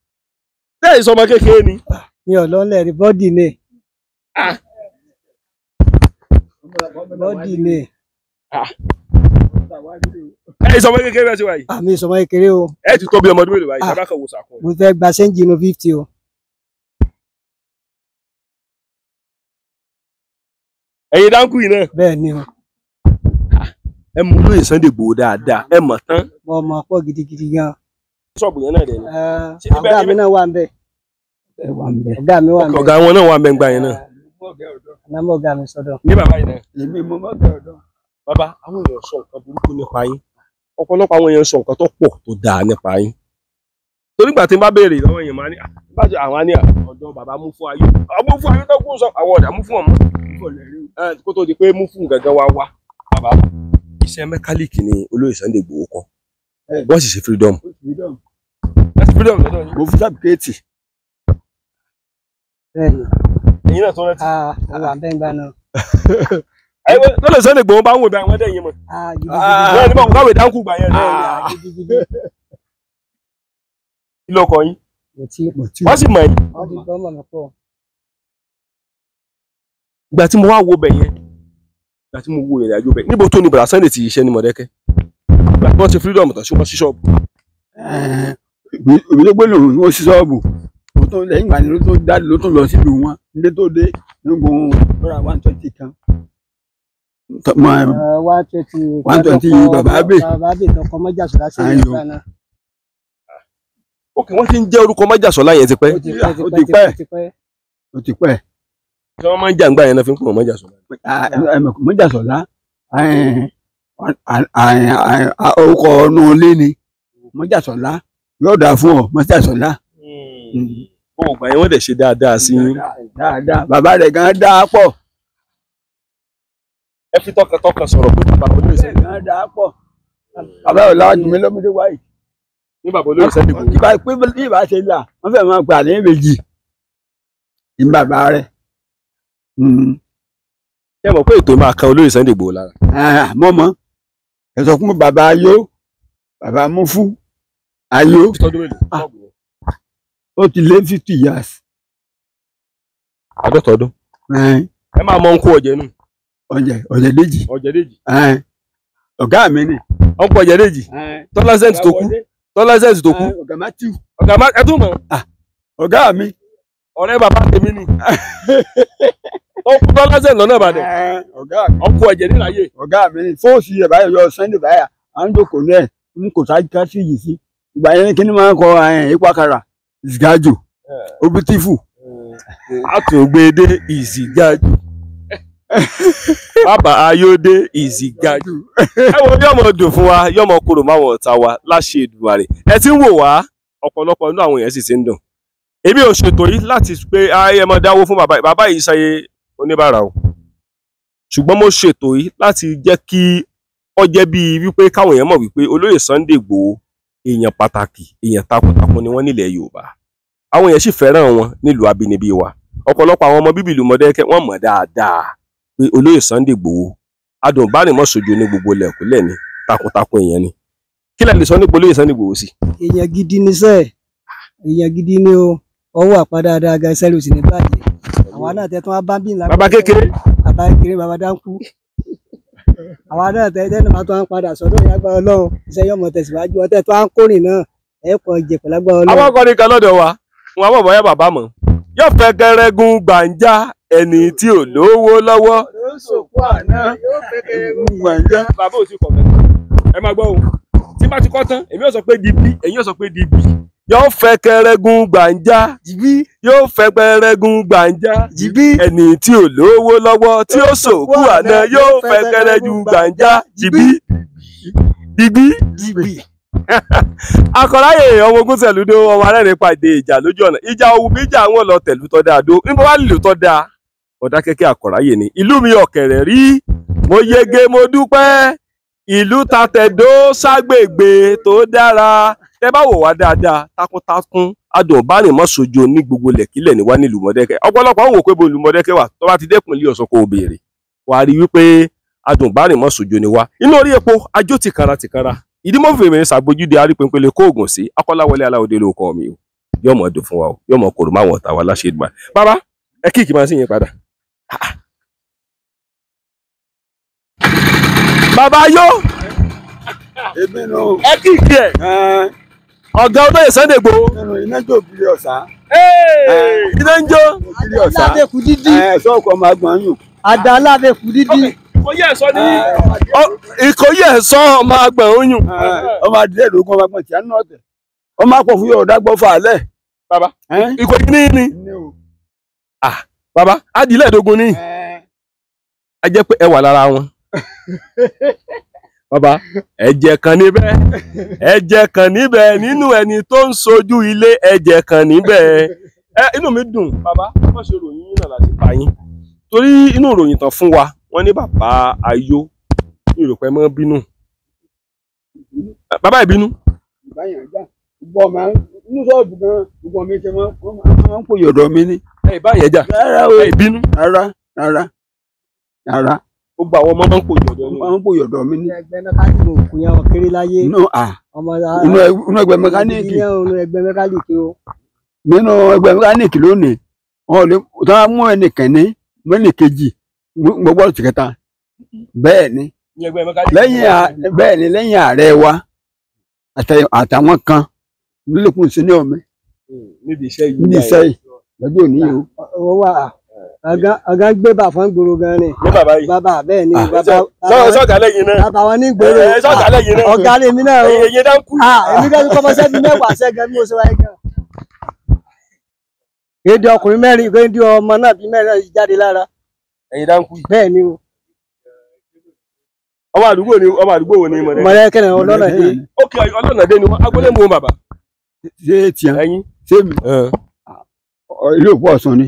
tẹ́yìn sọmọ kékeré ni. mi ò lọ́lẹ̀ rí bọ́dì ni. Ah. bọ́dì ni. ẹ sọmọ kékeré bẹ́ẹ̀ ṣe wáyé. àmì sọmọ kékeré o. ẹ ti tóbi ọmọdún mélòó báyìí sábà ah. kan wò sàkó. mo fẹ́ gba sẹ́ńjì inú fífítì o. ẹ̀yin dáńkù yìí náà. bẹ́ẹ̀ ni o. Ah. ẹ mú lóye Sunday Igboho dáadáa ẹ mọ̀ tán. mo mọ̀ pọ̀ gidigidi gan ṣọ́ọ̀bù yẹn náà dẹ̀ ni. Eh, ọ̀gá mi náà wà ń bẹ̀. ọ̀gá mi wà ń bẹ̀. ọ̀gá wọn náà wà ń bẹ̀ ńgbà yẹn náà. nàmọ́ ọ̀gá mi sọ́dọ̀. ní bàbá yìí náà. èmi mo má bẹ̀ ọ̀dọ̀. bàbá àwọn èèyàn sọ nǹkan burúkú nípa yín ọ̀pọ̀lọpọ̀ àwọn èèyàn sọ nǹkan tó pọ̀ tó dáa nípa yín torí gbà tí n bá béèrè lọ́wọ́ èèyàn máa ní àbájọ ah, àwọn á ní ah, ọ̀dọ̀ bàbá mú fún ayé ọmú ah, fún ayé eh, tó kún wọ́n sì ṣe freedom. freedom lọ́dọ̀ yìí. mo fún No, bẹ́ẹ̀ni èyí no. tó rántí. àwọn àbẹ́ngbà náà. Ah, lọ́lọ́ Sunday Igboho bá ń wò bí àwọn ẹ̀dẹ́yìn mọ̀. bẹ́ẹ̀ ni báwo káwé dáńkù gbà yẹn. Ah, kí ló kọ yín. wọ́n sì mọ̀ yín. ìgbà tí mo wá wo bẹ̀ yẹn ìgbà tí mo wo ìrìn àjò bẹ̀ níbo tó ni bàrà Sunday ti iṣẹ́ ní Mọ̀dẹ́kẹ́ àgbàgbọ́ ti freedom tàn ṣùgbọ́n sí ṣọ́ọ̀bù. òbí tó gbé lòun ó sí ṣọ́ọ̀bù ó tó lẹ́yìn ìgbà ló tó jáde ló tó lọ sílùú wọn ilé tó dé nígun lọ́ra one twenty kan. one twenty one twenty bàbá abè bàbá abè tọkọ mọ́jàsọ láti ilé ìgbà náà. ókè wọ́n ti ń jẹ́ orúkọ mọ́jàsọ láyẹn ti pẹ́ ó ti pẹ́ ó ti pẹ́ ṣé wọ́n máa ń jà ń gbà yẹn náà fi ń pè wọ́n mọ́jàsọ. Ah, mọ́jàsọ lá orúkọ ọ̀nà ilé ni mọ́jàsọ́lá yóò dáa fún ọ mọ́jàsọ́lá. wọn ò gbà yín wọ́n dẹ̀ ṣe dáadáa sí yín. dáadáa bàbá rẹ̀ gan dáa pọ̀. ẹ fi tọkàntọkàn sọ̀rọ̀ pé bàbá olóyè sẹ́yìn. gan dáa pọ̀ bàbá ò láwọn jùmí lọ́mọdé wáyé. ní bàbá olóyè sẹ́yìn kò. ìgbà pé bí ìbá ṣe là wọ́n fẹ́ máa gbà ní ìbejì ní bàbá rẹ̀ hmm. ṣe mọ̀ pé ètò máa kan olóyè Sunday Igboho lára. mo mọ̀ ẹ sọ fún bàbá ayó bàbá mufu ayó ó ti lé fifty years. àádọ́ta ọdún. ẹ máa mọ ń kó ọ̀jẹ̀ nù. ọ̀jẹ̀ ọ̀jẹ̀ dèjì. ọ̀jẹ̀ dèjì. ọ̀gá mi ni. ọ̀pọ̀ ọ̀jẹ̀ dèjì. tọ́lá sẹ́ǹtì tó kú tọ́lá sẹ́ǹtì tó kú. ọ̀gá ah, mi. ọ̀rẹ́ bàbá tèmi nù ó kú tọ́lá lọ́nà ìbàdàn ọkọ̀ eh, ẹ̀jẹ̀ ọ̀gá mi fóòsì ẹ̀ báyọ̀ yọ sunday báyà à ń sí yìí sí ìgbà yẹn máa ń kọ eh, ìpàkàrà ìsìgájò eh. òbítífù, ìsìgájò bàbá ìsìgájò ẹ wo yọmọ dùn fún wa yọmọ kúrò máwọn ọ̀tá èmi ò ṣètò yìí láti pé ayé mọ dáwó fún bàbá bàbá yìí ṣayé oníbàárà o ṣùgbọ́n mo ṣètò yìí láti jẹ́ kí ó jẹ́ bíi wípé káwọn èèyàn mọ̀ wípé olóyè Sunday Igboho èèyàn pàtàkì èèyàn takuntakun ni wọ́n nílẹ̀ Yorùbá àwọn èèyàn sì fẹ́ràn wọn nílùú abínibí wa ọ̀pọ̀lọpọ̀ àwọn ọmọ bíbí ìlú Mọdákẹ́kẹ́ wọ́n mọ̀ dáadáa pé olóyè Sunday Igboho adùnbánimọ̀ṣojo ní gbogbo lẹ̀kúnlẹ̀ ni takuntakun èèyàn ni kí lè sọ nípa olóyè Sunday Igboho sí. èèyàn gidi ni sẹ́ẹ̀ èèyàn gidi ni o ọwọ́ àpadáadá gan sẹ́rí òsì ní bàjẹ́ àwa náà tẹ tún wá bá bí ìlànà bàbá kékeré bàbá kékeré bàbá dáńkú àwa náà tẹ tẹnu máa tún wá padà sọ́dọ̀ ìyá gba Ọlọ́run iṣẹ́ yọmọ tẹsíwájú ọtẹ tó à ń kórìn náà ẹ kọ jẹ pẹ̀lú agbá Ọlọ́run. àwọn ọkọ nìkan lọ́dọ̀ wa wọn àwọn ọmọ yẹn bàbá mọ yóò fẹ́ gẹrẹgùn gbàǹjà ẹni tí ò lówó lọ́wọ́. ẹ máa gbọ́ ohun tí bá ti kọ́ tán èmi yóò sọ pé di bí èyí yóò sọ pé di bí. yóò fẹ́ kẹrẹ́gùn gbàǹjà yóò gbàǹjà ẹni tí ò lówó lọ́wọ́ tí ó ṣòkú àná yóò fẹ́ kẹrẹ́gùn gbàǹjà jìbí akọ̀láyè ọmọ ogun tẹ̀lúdó ọmọ arẹ́rìn pàdé ìjà lójú ọ̀nà ìjà òwú méjì àwọn tẹ̀lú ni ìlú mi ọ̀kẹ̀rẹ̀ rí mo yege mo dúpẹ́ ìlú tatẹ̀dó ságbègbè tó dára tẹ́ bá wò wá dáadáa takuntakun adùnbánì mọ́ sojo ní gbogbo lẹ̀kílẹ̀ níwá ní lùmọ̀dẹ́kẹ́ ọ̀pọ̀lọpọ̀ àwọn òkè bo lùmọ̀dẹ́kẹ́ wà tó bá ti dẹ́kun ilé ọ̀sán kò béèrè wà á rí wípé adùnbánì mọ́ sojo ni wá inú orí epo ajó tìkara tìkara ìdímọ̀fẹ́ mi ṣàgbójúde arípinpele kóògùn sí akọ́láwọlé aláwọ̀dé lóko mi o yóò mọ̀ dùn fún wa o yóò mọ̀ kòrò máwọn ọ̀tá wa láṣẹ ìgbà bàbá ẹ kíkì máa ń sìn padà. bàbá yó ẹ kíkì ẹ. ọ̀gá olóyè Sunday Igboho. iná ń jó ògiri ọ̀sà. iná ń jó ẹ̀sọ́ ọkọ̀ máa gbọ́n yùn. adálábẹ́kù ọmọ adìyẹ lógún ọmọ agbọ̀n tí ọmọ akọ̀ fún yọ̀ọ̀dá gbọ́ baba adìyẹ ẹ jẹ́ pé ẹ wọn. bàbá ẹ̀jẹ̀ kan níbẹ̀ ẹ̀jẹ̀ kan níbẹ̀ nínú ẹni tó ń sojú ilé ẹ̀jẹ̀ kan níbẹ̀ ẹ inú mi dùn bàbá wọ́n ṣe ròyìn yín náà láti pa yín torí inú ìròyìn tán fún wa wọ́n ní bàbá ayó ní ìròpẹ́ mọ́ bínú bàbá ìbínú. gbọ́ máa ń inú sọ́ọ̀bù gan gbogbo mi ṣe máa ń pòyọ̀dọ̀ mi ní. ẹ ìbáyẹ̀jà rárá o ìbínú. rárá rárá rárá gbogbo àwọn ọmọ náà ń pò yọ̀dọ̀ ni. wọ́n ń pò yọ̀dọ̀ mi ní. ẹgbẹ́ mẹkáníìkì òkú yẹn wọn kéré láyé. inú ẹgbẹ́ mẹkáníìkì. inú ẹgbẹ́ mẹkáníìkì o. nínú ẹgbẹ́ mẹkáníìkì lónìí wọn ò lè tó wá mú ẹnìkan ní mẹ́nìkejì gbogbo ọ̀tí kẹta bẹ́ẹ̀ ni bẹ́ẹ̀ ni lẹ́yìn ààrẹ wa àtàwọn kan nílùkùn sí ní ọ̀mẹ́ níbi iṣẹ́ yìí lọ́jọ́ òní yìí o ọ̀gá gbé bàfọ́n gbòòrò gan ni. ní bàbá yìí bàbá bẹ́ẹ̀ ni ah, bàbá. sọ́ọ̀gá lẹ́yìn náà. wọn ní gbòòrò. sọ́ọ̀gá lè mí náà o. èyí dá ń kú. Ah, èmi kẹ́mi kọ́mọṣẹ́ mi bí mo ṣe wáyé gan. kéde ọkùnrin mẹ́rin kéde ọmọ náà bí mẹ́rin náà jáde lára. bẹ́ẹ̀ ni o. ọmọ àdúgbò ni ọmọ àdúgbò wo ni mọ̀lẹ́. mọ̀lẹ́ ọlọ́nà dé. ok ọlọ́nà dé ni agbolé mu bàbá. ṣé tiẹ̀ ṣé mi. Eh. Ah, ilé òkú ọ̀sán ni.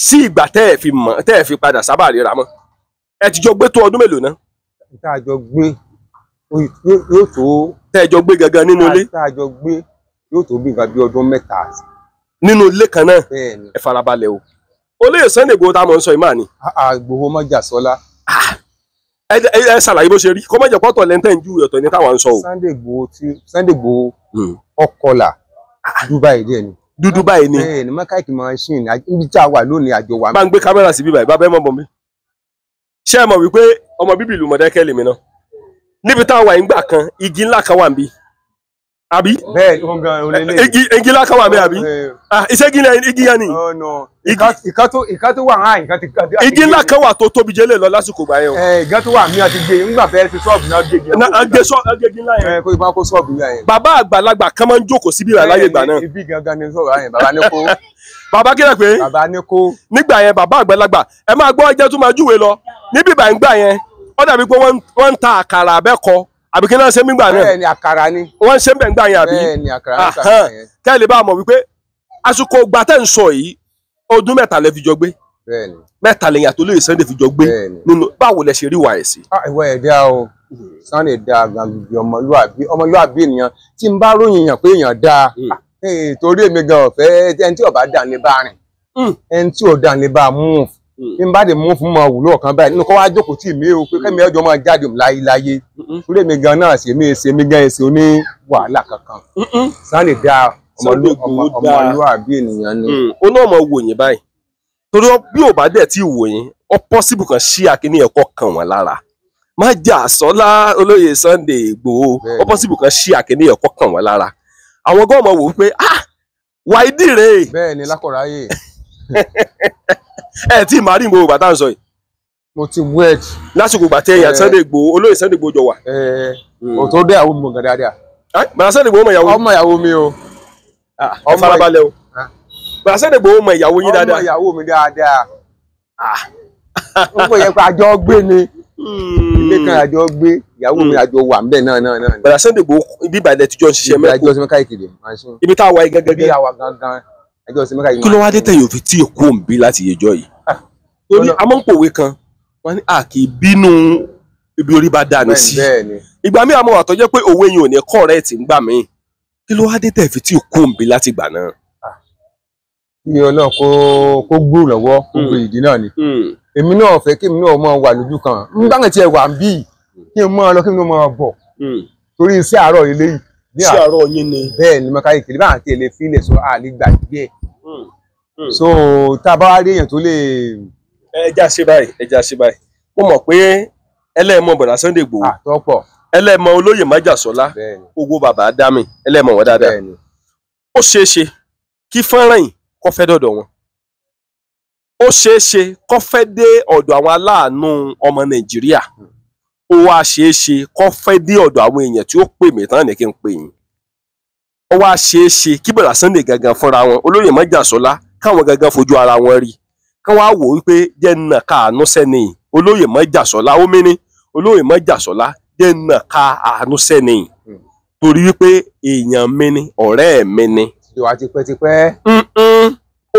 sí ìgbà tẹ́ ẹ̀ fi mọ̀ tẹ́ ẹ̀ fi padà sábà ríra mọ́ ẹ ti jọ gbé tó ọdún mélòó náà. tá a jọ gbé yóò tó. tẹ́ ẹ jọ gbé gangan nínú ilé. tá a jọ gbé yóò tó bí nǹkan bí ọdún mẹ́ta. nínú ilé kan náà ẹ farabalẹ̀ o olóyè Sunday Igboho tá a mọ̀ ń sọ ìmáà ni. Ah, ah, Igboho mọ́jà sọ́lá. Ah, ẹ ṣàlàyé bó ṣe rí kó mọ̀jẹ̀ pọ́tọ̀ lẹ́ńtẹ̀ ń ju ọ̀tọ̀ ní táwọn ń sọ o. Sunday Igboho hmm. ọkọlà Dubai díẹ̀ ni. dúdú báyìí ni. bẹ́ẹ̀ ni mẹkáìkì machine níbi tí a wà lónìí àjọ wa. bá ń gbé kámẹ́rà sí bíbá ìbá bẹ́ẹ̀ mọ̀ bọ̀ mi. ṣé ẹ mọ̀ wípé ọmọ bíbí ìlú Mọ̀dákẹ́kẹ́ mi náà níbi tá a kan igi ńlá kan wà àbí. bẹ́ẹ̀ o gan o lè lè. igi igi lákàn wà bẹ́ẹ̀ àbí. iṣẹ́ igi náà igi yẹn ni. Oh, ìka tó ìka tó wà hàn ìka ti. igi ńlá kan wà tó tóbi jẹ́lẹ̀ lọ lásìkò gbà yẹn o. Eh, ìka tó wà mí àti gé nígbà bẹ́ẹ̀ fi sọ́ọ̀bù náà gé gé. náà gé sọ́ọ̀bù ńlá yẹn. Eh, kó ipa kó sọ́ọ̀bù ńlá yẹn. bàbá àgbàlagbà kan máa ń jókòó síbí rà láyé ìgbà náà. Eh, ibi gangan ni sọ̀rọ̀ yẹn bàbá ní kó. bàbá kí pé. bàbá ní kó. nígbà yẹn bàbá àgbàlagbà ẹ máa gbọ́ ẹjẹ́ tó máa júwe lọ níbi ìbà ń gbà yẹn ó dàbí pé wọ́n ń ta àkàrà àbẹ́kọ àbí kí ló ń ṣe mí gbà náà bẹ́ẹ̀ ni àkàrà ni wọ́n ń ṣe bẹ́ẹ̀ gbà yẹn àbí bẹ́ẹ̀ ni àkàrà ni àkàrà yẹn kẹ́ lè bá mọ̀ wípé àsìkò ìgbà tẹ́ ń sọ yìí ọdún mẹ́ta lẹ fi jọ gbé mẹ́ta lẹ́yìn àtòlóye Sunday fi jọ gbé nínú báwo lẹ ṣe rí ìwà ẹ̀ sí. Ah, ìwà ẹ̀ dá o Sunday dá gbàgbé ọmọlúwàbí ọmọlúwàbí ènìyàn tí n bá ròyìn yàn pé èèyàn dá hmm. ah, eh, torí èmi gan ọ̀fẹ́ ẹni tí ò Mm. bí n bá dé mú fún ma wùlọ kan báyìí nínú kọ́ wá jókòó tì mí o pé kẹ́mi ọjọ́ máa jáde láyéláyé lórí mi gan náà ṣe mí ṣe mí gan ṣe ní wàhálà kankan Sunday dá ọmọlúwàbí ènìyàn ni. Mm. ó náà mọ wò yín báyìí torí bí ò bá dẹ̀ tí ì wò yín ọ pọ́sibù kan ṣí akíní ẹ̀kọ́ kan wọ́n lára má jà sọ́lá olóyè Sunday Igboho ọ pọ́sibù kan ṣí akíní ẹ̀kọ́ kan wọ́n lára àwọn gọ́ọ̀mọ̀ wò wípé ah wàá ìdí rèé. bẹ́ẹ̀ ni lákọ̀ráyè. ẹ tí màá rí ìgbòho sọ yìí. mo ti wet. lásìkò ìgbà tẹ ìyá Sunday Igboho olóyè Sunday Igboho jọ wà. o hmm. dé àwọn ọmọ gan dáadáa. bàtà Sunday Igboho ọmọ ìyàwó. ọmọ ìyàwó mi o. Ah, ah, ẹ farabalẹ̀ o. Ah. bàtà Sunday Igboho ọmọ ìyàwó yín dáadáa. ọmọ ìyàwó mi dáadáa. ó pé àjọ gbé ni hmm. ilé kan àjọ gbé ìyàwó mi hmm. àjọ wà ń bẹ náà náà náà. bàtà Sunday Igboho ibi ìbàdàn ti jọ ń ṣiṣẹ́ ibi tá a wà gangan. kí ló wá dé tẹ̀yìn òfin tí èkó ń bí láti yẹjọ́ yìí torí amọ́npòwe kan wọ́n ní àkì bínú ibi orí bá dànù sí ìgbà míì àmọ́ àtọ́jẹ́ pé òwe yìí ò ní kọ́ rẹ̀ tì ń gbà míì kí ló wá dé tẹ̀ fi tí èkó ń bí láti gbà náà. iye ọlọ́run kó kó gbúrò lọ́wọ́ kó gbé hmm. ìdí náà ni hmm. èmi náà fẹ́ kí èmi náà máa wà lójú kan nígbà tí ẹ wà ń bí kí n máa lọ kí n máa bọ̀ hmm. torí iṣẹ́ àárọ̀ eléyìí bí àárọ̀ yín ni. bẹ́ẹ̀ ni mẹkáníìkì ní báyìí àti èlé fílẹ̀ sọ àlè gbàgbé ẹ̀. Hmm, hmm. so tá a bá wá rí èèyàn tó lè. ẹja ṣe báyìí ẹja ṣe báyìí mo mọ̀ pé ẹlẹ́ẹ̀mọ bọ̀dá Sunday Igboho ah, ẹlẹ́ẹ̀mọ olóyè májàsọ́lá owó bàbá dámì ẹlẹ́ẹ̀mọ wọn dáadáa ó ṣeé ṣe kí fọ́nrán yìí kọ́ fẹ́ dọ̀dọ̀ wọn ó ṣeé ṣe kọ́ fẹ́ dé ọ̀dọ̀ àwọn aláàánú ọmọ Nàìjíríà. Hmm ó wá ṣeé ṣe kọ́ fẹ́ dé ọ̀dọ̀ àwọn èèyàn tí ó pè mí tán ní kí n pè yín ó wá ṣeé ṣe kí bọ̀dà Sunday gangan fúnra wọn olóyè Májàsọ́lá káwọn gangan fojú ara wọn rí kán wá wò wípé jẹ́ nà ká àánú sẹ́ni olóyè Májàsọ́lá ó mìíní olóyè Májàsọ́lá jẹ́ nà ká àánú sẹ́ni hmm. torí wípé èèyàn mi ni ọ̀rẹ́ mi ni. ìwà tipẹ́tipẹ́.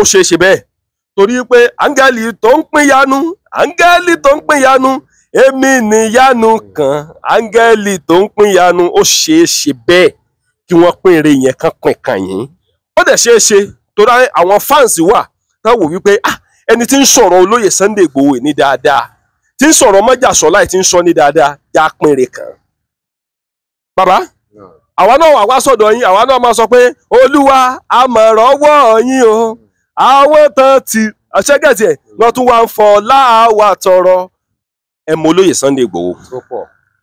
ó ṣeé ṣe bẹ́ẹ̀ torí pé áńgẹ́lì tó ń pín yanu áńgẹ́lì tó ń pín yanu èmi níyanu kan áńgẹ́lì tó ń yanu ó ṣeé ṣe bẹ́ẹ̀ kí wọ́n pín ire yẹn kán pín kàn yín ó dẹ̀ ṣeé torí àwọn fans wà táwọn wò wípé ah, ẹni tí ń sọ̀rọ̀ olóyè Sunday Igboho ní dáadáa tí ń sọ̀rọ̀ mọ́jàsọ́ láì tí ń sọ ní dáadáa já pín ire kàn. bàbá àwa náà wà wá sọ̀dọ̀ yín àwa náà máa sọ pé olúwa àmọ̀rọ̀wọ́ yín o àwọn tán ti àṣẹ́gẹ̀tì ẹ̀ lọ́tún wá ń fọ láàwà tọrọ ẹ mọ olóyè Sunday Igboho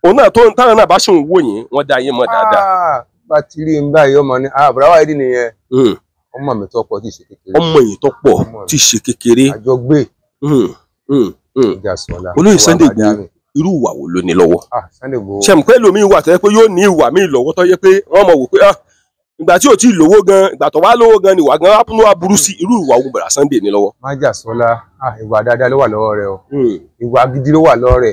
òun náà tó táwọn náà bá ṣe wọn mọ ah, dáadáa. bá a ti rí n báyìí ọmọ ni àbúrò wa yìí nìyẹn hmm. ọmọ mi tọpọ ti se ṣe kékeré ọmọ yìí tọpọ ti se ṣe kékeré àjọgbé hmm, hmm, Sunday irú ìwà wo ló ní lọwọ." Ah, pé yóò ní ìwà lọ́wọ́ ìgbà tí ò tí ì lówó gan ìgbà tó wá lówó gan ni ìwà gan ló wá burú sí irú ìwà ogun bàrà Sunday ní lọ́wọ́. májà sọlá ìwà dáadáa ló wà lọ́wọ́ rẹ o hmm. ìwà gidi ló wà lọ́wọ́ rẹ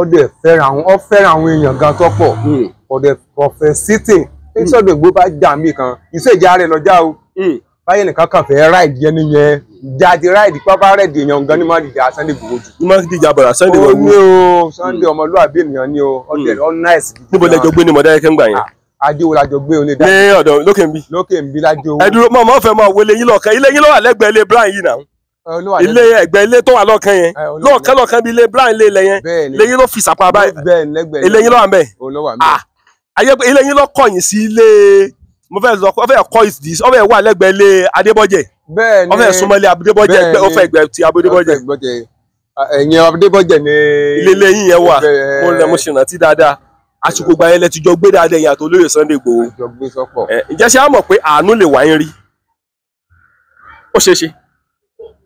ọdẹ hmm. fẹ́ràn àwọn ọ fẹ́ràn àwọn èèyàn gan tó pọ̀ ọdẹ hmm. ọ̀fẹ́ sítì nísọdọ ìgbó bá jà mí kan iṣẹ́ ìjà rẹ lọjà o báyẹn nìkan kan fẹ́ ráìdì yẹn nìyẹn jáde ráìdì pápá ráìdì èèyàn gan ni máa dìjà Sunday gbogbo jù. ni máa dìjà bàrà Sunday wọn. ó ní o Sunday ọmọlúwàbí ènìyàn ni o ọdẹ ọ náà ẹsì gidi. níbo lẹjọ gbé ni mọdá yẹn kẹ́ ń gbà yẹn adéwò lájọ gbé olè dá. ní ọ̀dọ̀ lókè nbí. lókè nbí lájọ owó. ẹ dúró mọ mọ fẹ́ mọ wọlé yín lọkàn ilé yín ló wà lẹ́gbẹ̀ẹ́ ilé Brian yìí náà ilé ẹgbẹ́ ilé tó wà lọ́kàn yẹn lọ́kàn lọ́kàn bí ilé Brian ilé ilẹ̀ yẹn ilé yín ló fi sàpà báyìí ilé yín ló wà ńbẹ̀. Ah, ayé pé ilé yín ló kọ̀yìn sí ilé mo fẹ́ lọ ọ fẹ́ kọ ìdí ọ fẹ́ wà lẹ́gbẹ̀ẹ́ ilé Adébọ̀jẹ̀ ọ fẹ́ súnmọ́lé Adébọ̀jẹ̀ ẹgbẹ́ ọ fẹ́ ẹgbẹ́ ti Adébọ̀jẹ̀ ah, ẹ̀yìn Adébọ̀jẹ̀ ni ilé ilé àsìkò gbà yẹn lẹ ti jọ gbé dáadáa ẹ̀yin àti olóyè Sunday Igboho mọ̀ pé àánú lè wá yín rí ó ṣe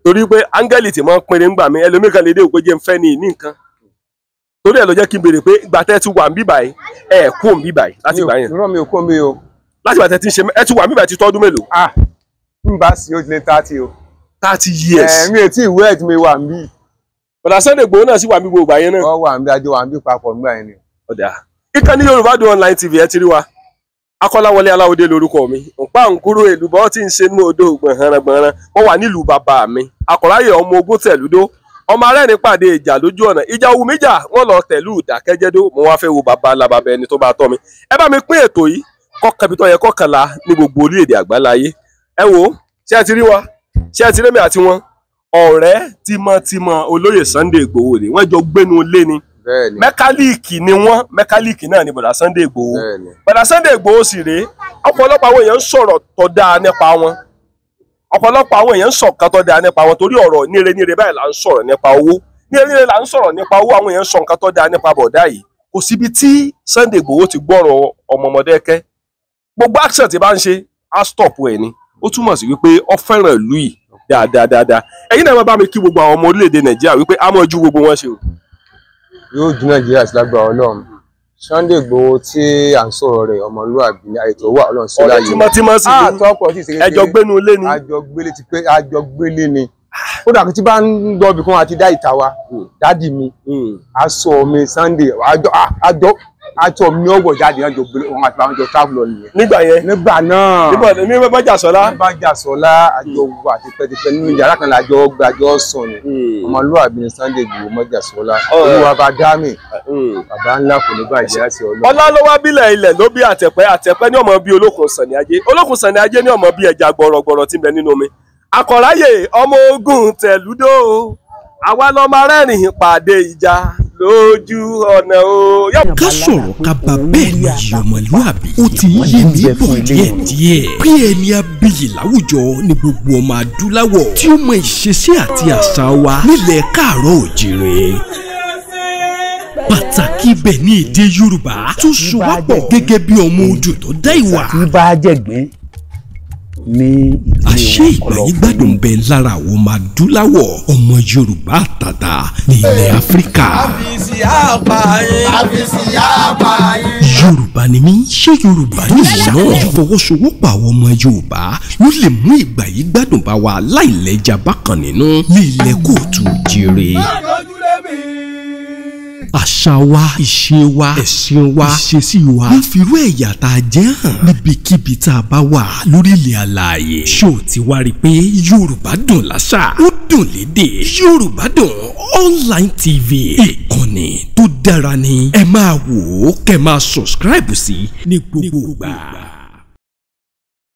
torí pé áńgẹ́lì tí máa ń pinrin gbà mí ẹlòmíì kan lè torí ẹ̀ pé ìgbà tẹ́ ti wà ń bí báyìí ẹ̀ kú bí báyìí láti láti tẹ́ ti ń ṣe ti wà ń bí báyìí ti ah Sunday náà sì wà ń bí gbogbo ìkànnì yorùbá dùn online tv ẹ ti rí wa akọ́láwọlé aláwọ̀dé lórúkọ mi npa nkúrò èlùbọ́ tí ń ṣe inú odò gbọ̀nrangbọ̀nran wọ́n wà nílùú bàbá mi àkọ́láyè ọmọ ogun tẹ̀lúdó ọmọ arẹ́rìn pàdé ìjà lójú ọ̀nà ìjà òwú méjà wọ́n lọ tẹ̀lú ìdákẹ́jẹ́dó mo wá fẹ́ wo bàbá alábàbẹ ẹni tó bá tọ́ mi ẹ bá mi pín ètò yìí kọ́kànbí tó yẹ kọ́kànlá ní gbogbo orílẹ̀-èdè àgbáláyé ẹ wo ṣé ẹ ti rí wa ṣé ẹ ti rémi àti wọn ọ̀rẹ́ tímọ́tímọ́ olóyè Sunday Igboho ni wọ́n jọ gbénu lé ni mẹkáníìkì ni wọ́n mẹkáníìkì náà ni bọ̀dà Sunday Igboho bọ̀dà Sunday Igboho sì rèé ọ̀pọ̀lọpọ̀ àwọn èèyàn ń sọ̀rọ̀ tó dáa nípa wọn ọ̀pọ̀lọpọ̀ àwọn èèyàn ń sọ nǹkan tó dáa nípa wọn torí ọ̀rọ̀ níre níre báyìí là ń sọ̀rọ̀ nípa owó níre níre là ń sọ̀rọ̀ nípa owó àwọn èèyàn ń sọ nǹkan tó dáa nípa bọ̀dá yìí kò síbi tí Sunday Igboho ti gbọ́rọ̀ ọmọọmọdé kẹ́ gbogbo action ti bá ń ṣe á stop ẹ̀ ni ó túmọ̀ sí wípé ọ fẹ́ràn ìlú yìí dáadáa dáadáa ẹ̀yin náà máa bá mi kí gbogbo àwọn ọmọ orílẹ̀-èdè Nàìjíríà wípé á mọ̀ ju gbogbo wọn ṣe o yóò dún nàìjíríà sí lágbára ọlọ́run Sunday Igboho tí à ń sọ̀rọ̀ rẹ̀ ọmọlúwàbí ni àìtọ́ wà ọlọ́run sí láyé ọ̀rẹ́ tímọ́tímọ́ sí ni ah, ẹjọ́ gbénu ilé ni àjọ gbélé ni kódà tí bá ń lọ ibì kan àti dá ìta wa hmm. dádì mi hmm. aṣọ mi Sunday àjọ aṣọ mi ọwọ jáde ọjọ gbélé wọn àti àwọn jọ tábìlọ nìyẹn. nígbà yẹn nígbà náà nígbà mi bẹ bá jàsọlá. mi bá jàsọlá àjọ wà tipẹ́tipẹ́ nínú yàrá kan lájọ gbàjọ sọ ni hmm. ọmọlúwàbí ni Sunday Igboho mọ jàsọlá olúwa bá dá mi hmm. bàbá ńlá kò ní bàjẹ́ àti ọlọ́. ọlá bílẹ̀ ilẹ̀ ló bí àtẹ̀pẹ́ àtẹ̀pẹ́ ní ọmọ bí olókun sànni olókun sànni ní ọmọ bí lójú ọ̀nà o. ká sọ̀rọ̀ ká bá bẹ́ẹ̀ ni ìyọ̀mọ̀lúàbí ó ti ń yé mi bọ̀ díẹ̀díẹ̀ pé ẹni abiyì láwùjọ ni gbogbo ọmọ adúláwọ̀ tí ó mọ ìṣesí àti àṣà wa nílẹ̀ káàárọ̀ òjìrè pàtàkì ibẹ̀ ni èdè Yorùbá tó so wá pọ̀ gẹ́gẹ́ bí ọmọ ojú tó dá ìwà. tí bá ní àṣé ìgbà yìí gbádùn bẹ lára àwọn ọmọ adúláwọ̀ ọmọ yorùbá àtàtà ní ilẹ̀ áfíríkà. àfìsí àpààyàn àfìsí àpààyàn. yorùbá ni mí ṣé yorùbá ni ìwọ náà ìfọwọ́sowọ́pọ̀ àwọn ọmọ yorùbá ló lè mú ìgbà yìí gbádùn bá wa láìlẹ́jà bákan nínú ní ilẹ̀ kóòtù jíire àṣà wa ìṣe wa ẹ̀sìn wa ìṣesí wa wọ́n fi irú ẹ̀yà tá a jẹ́ hàn níbikíbi tá a bá wà lórílẹ̀ àlàyé ṣó o ti wá rí i pé Yorùbá dùn láṣà ó dùn lédè Yorùbá dùn online tv ìkànnì tó dára ni ẹ máa wò ó kẹ́ máa subscribe sí ní gbogbo ìgbà.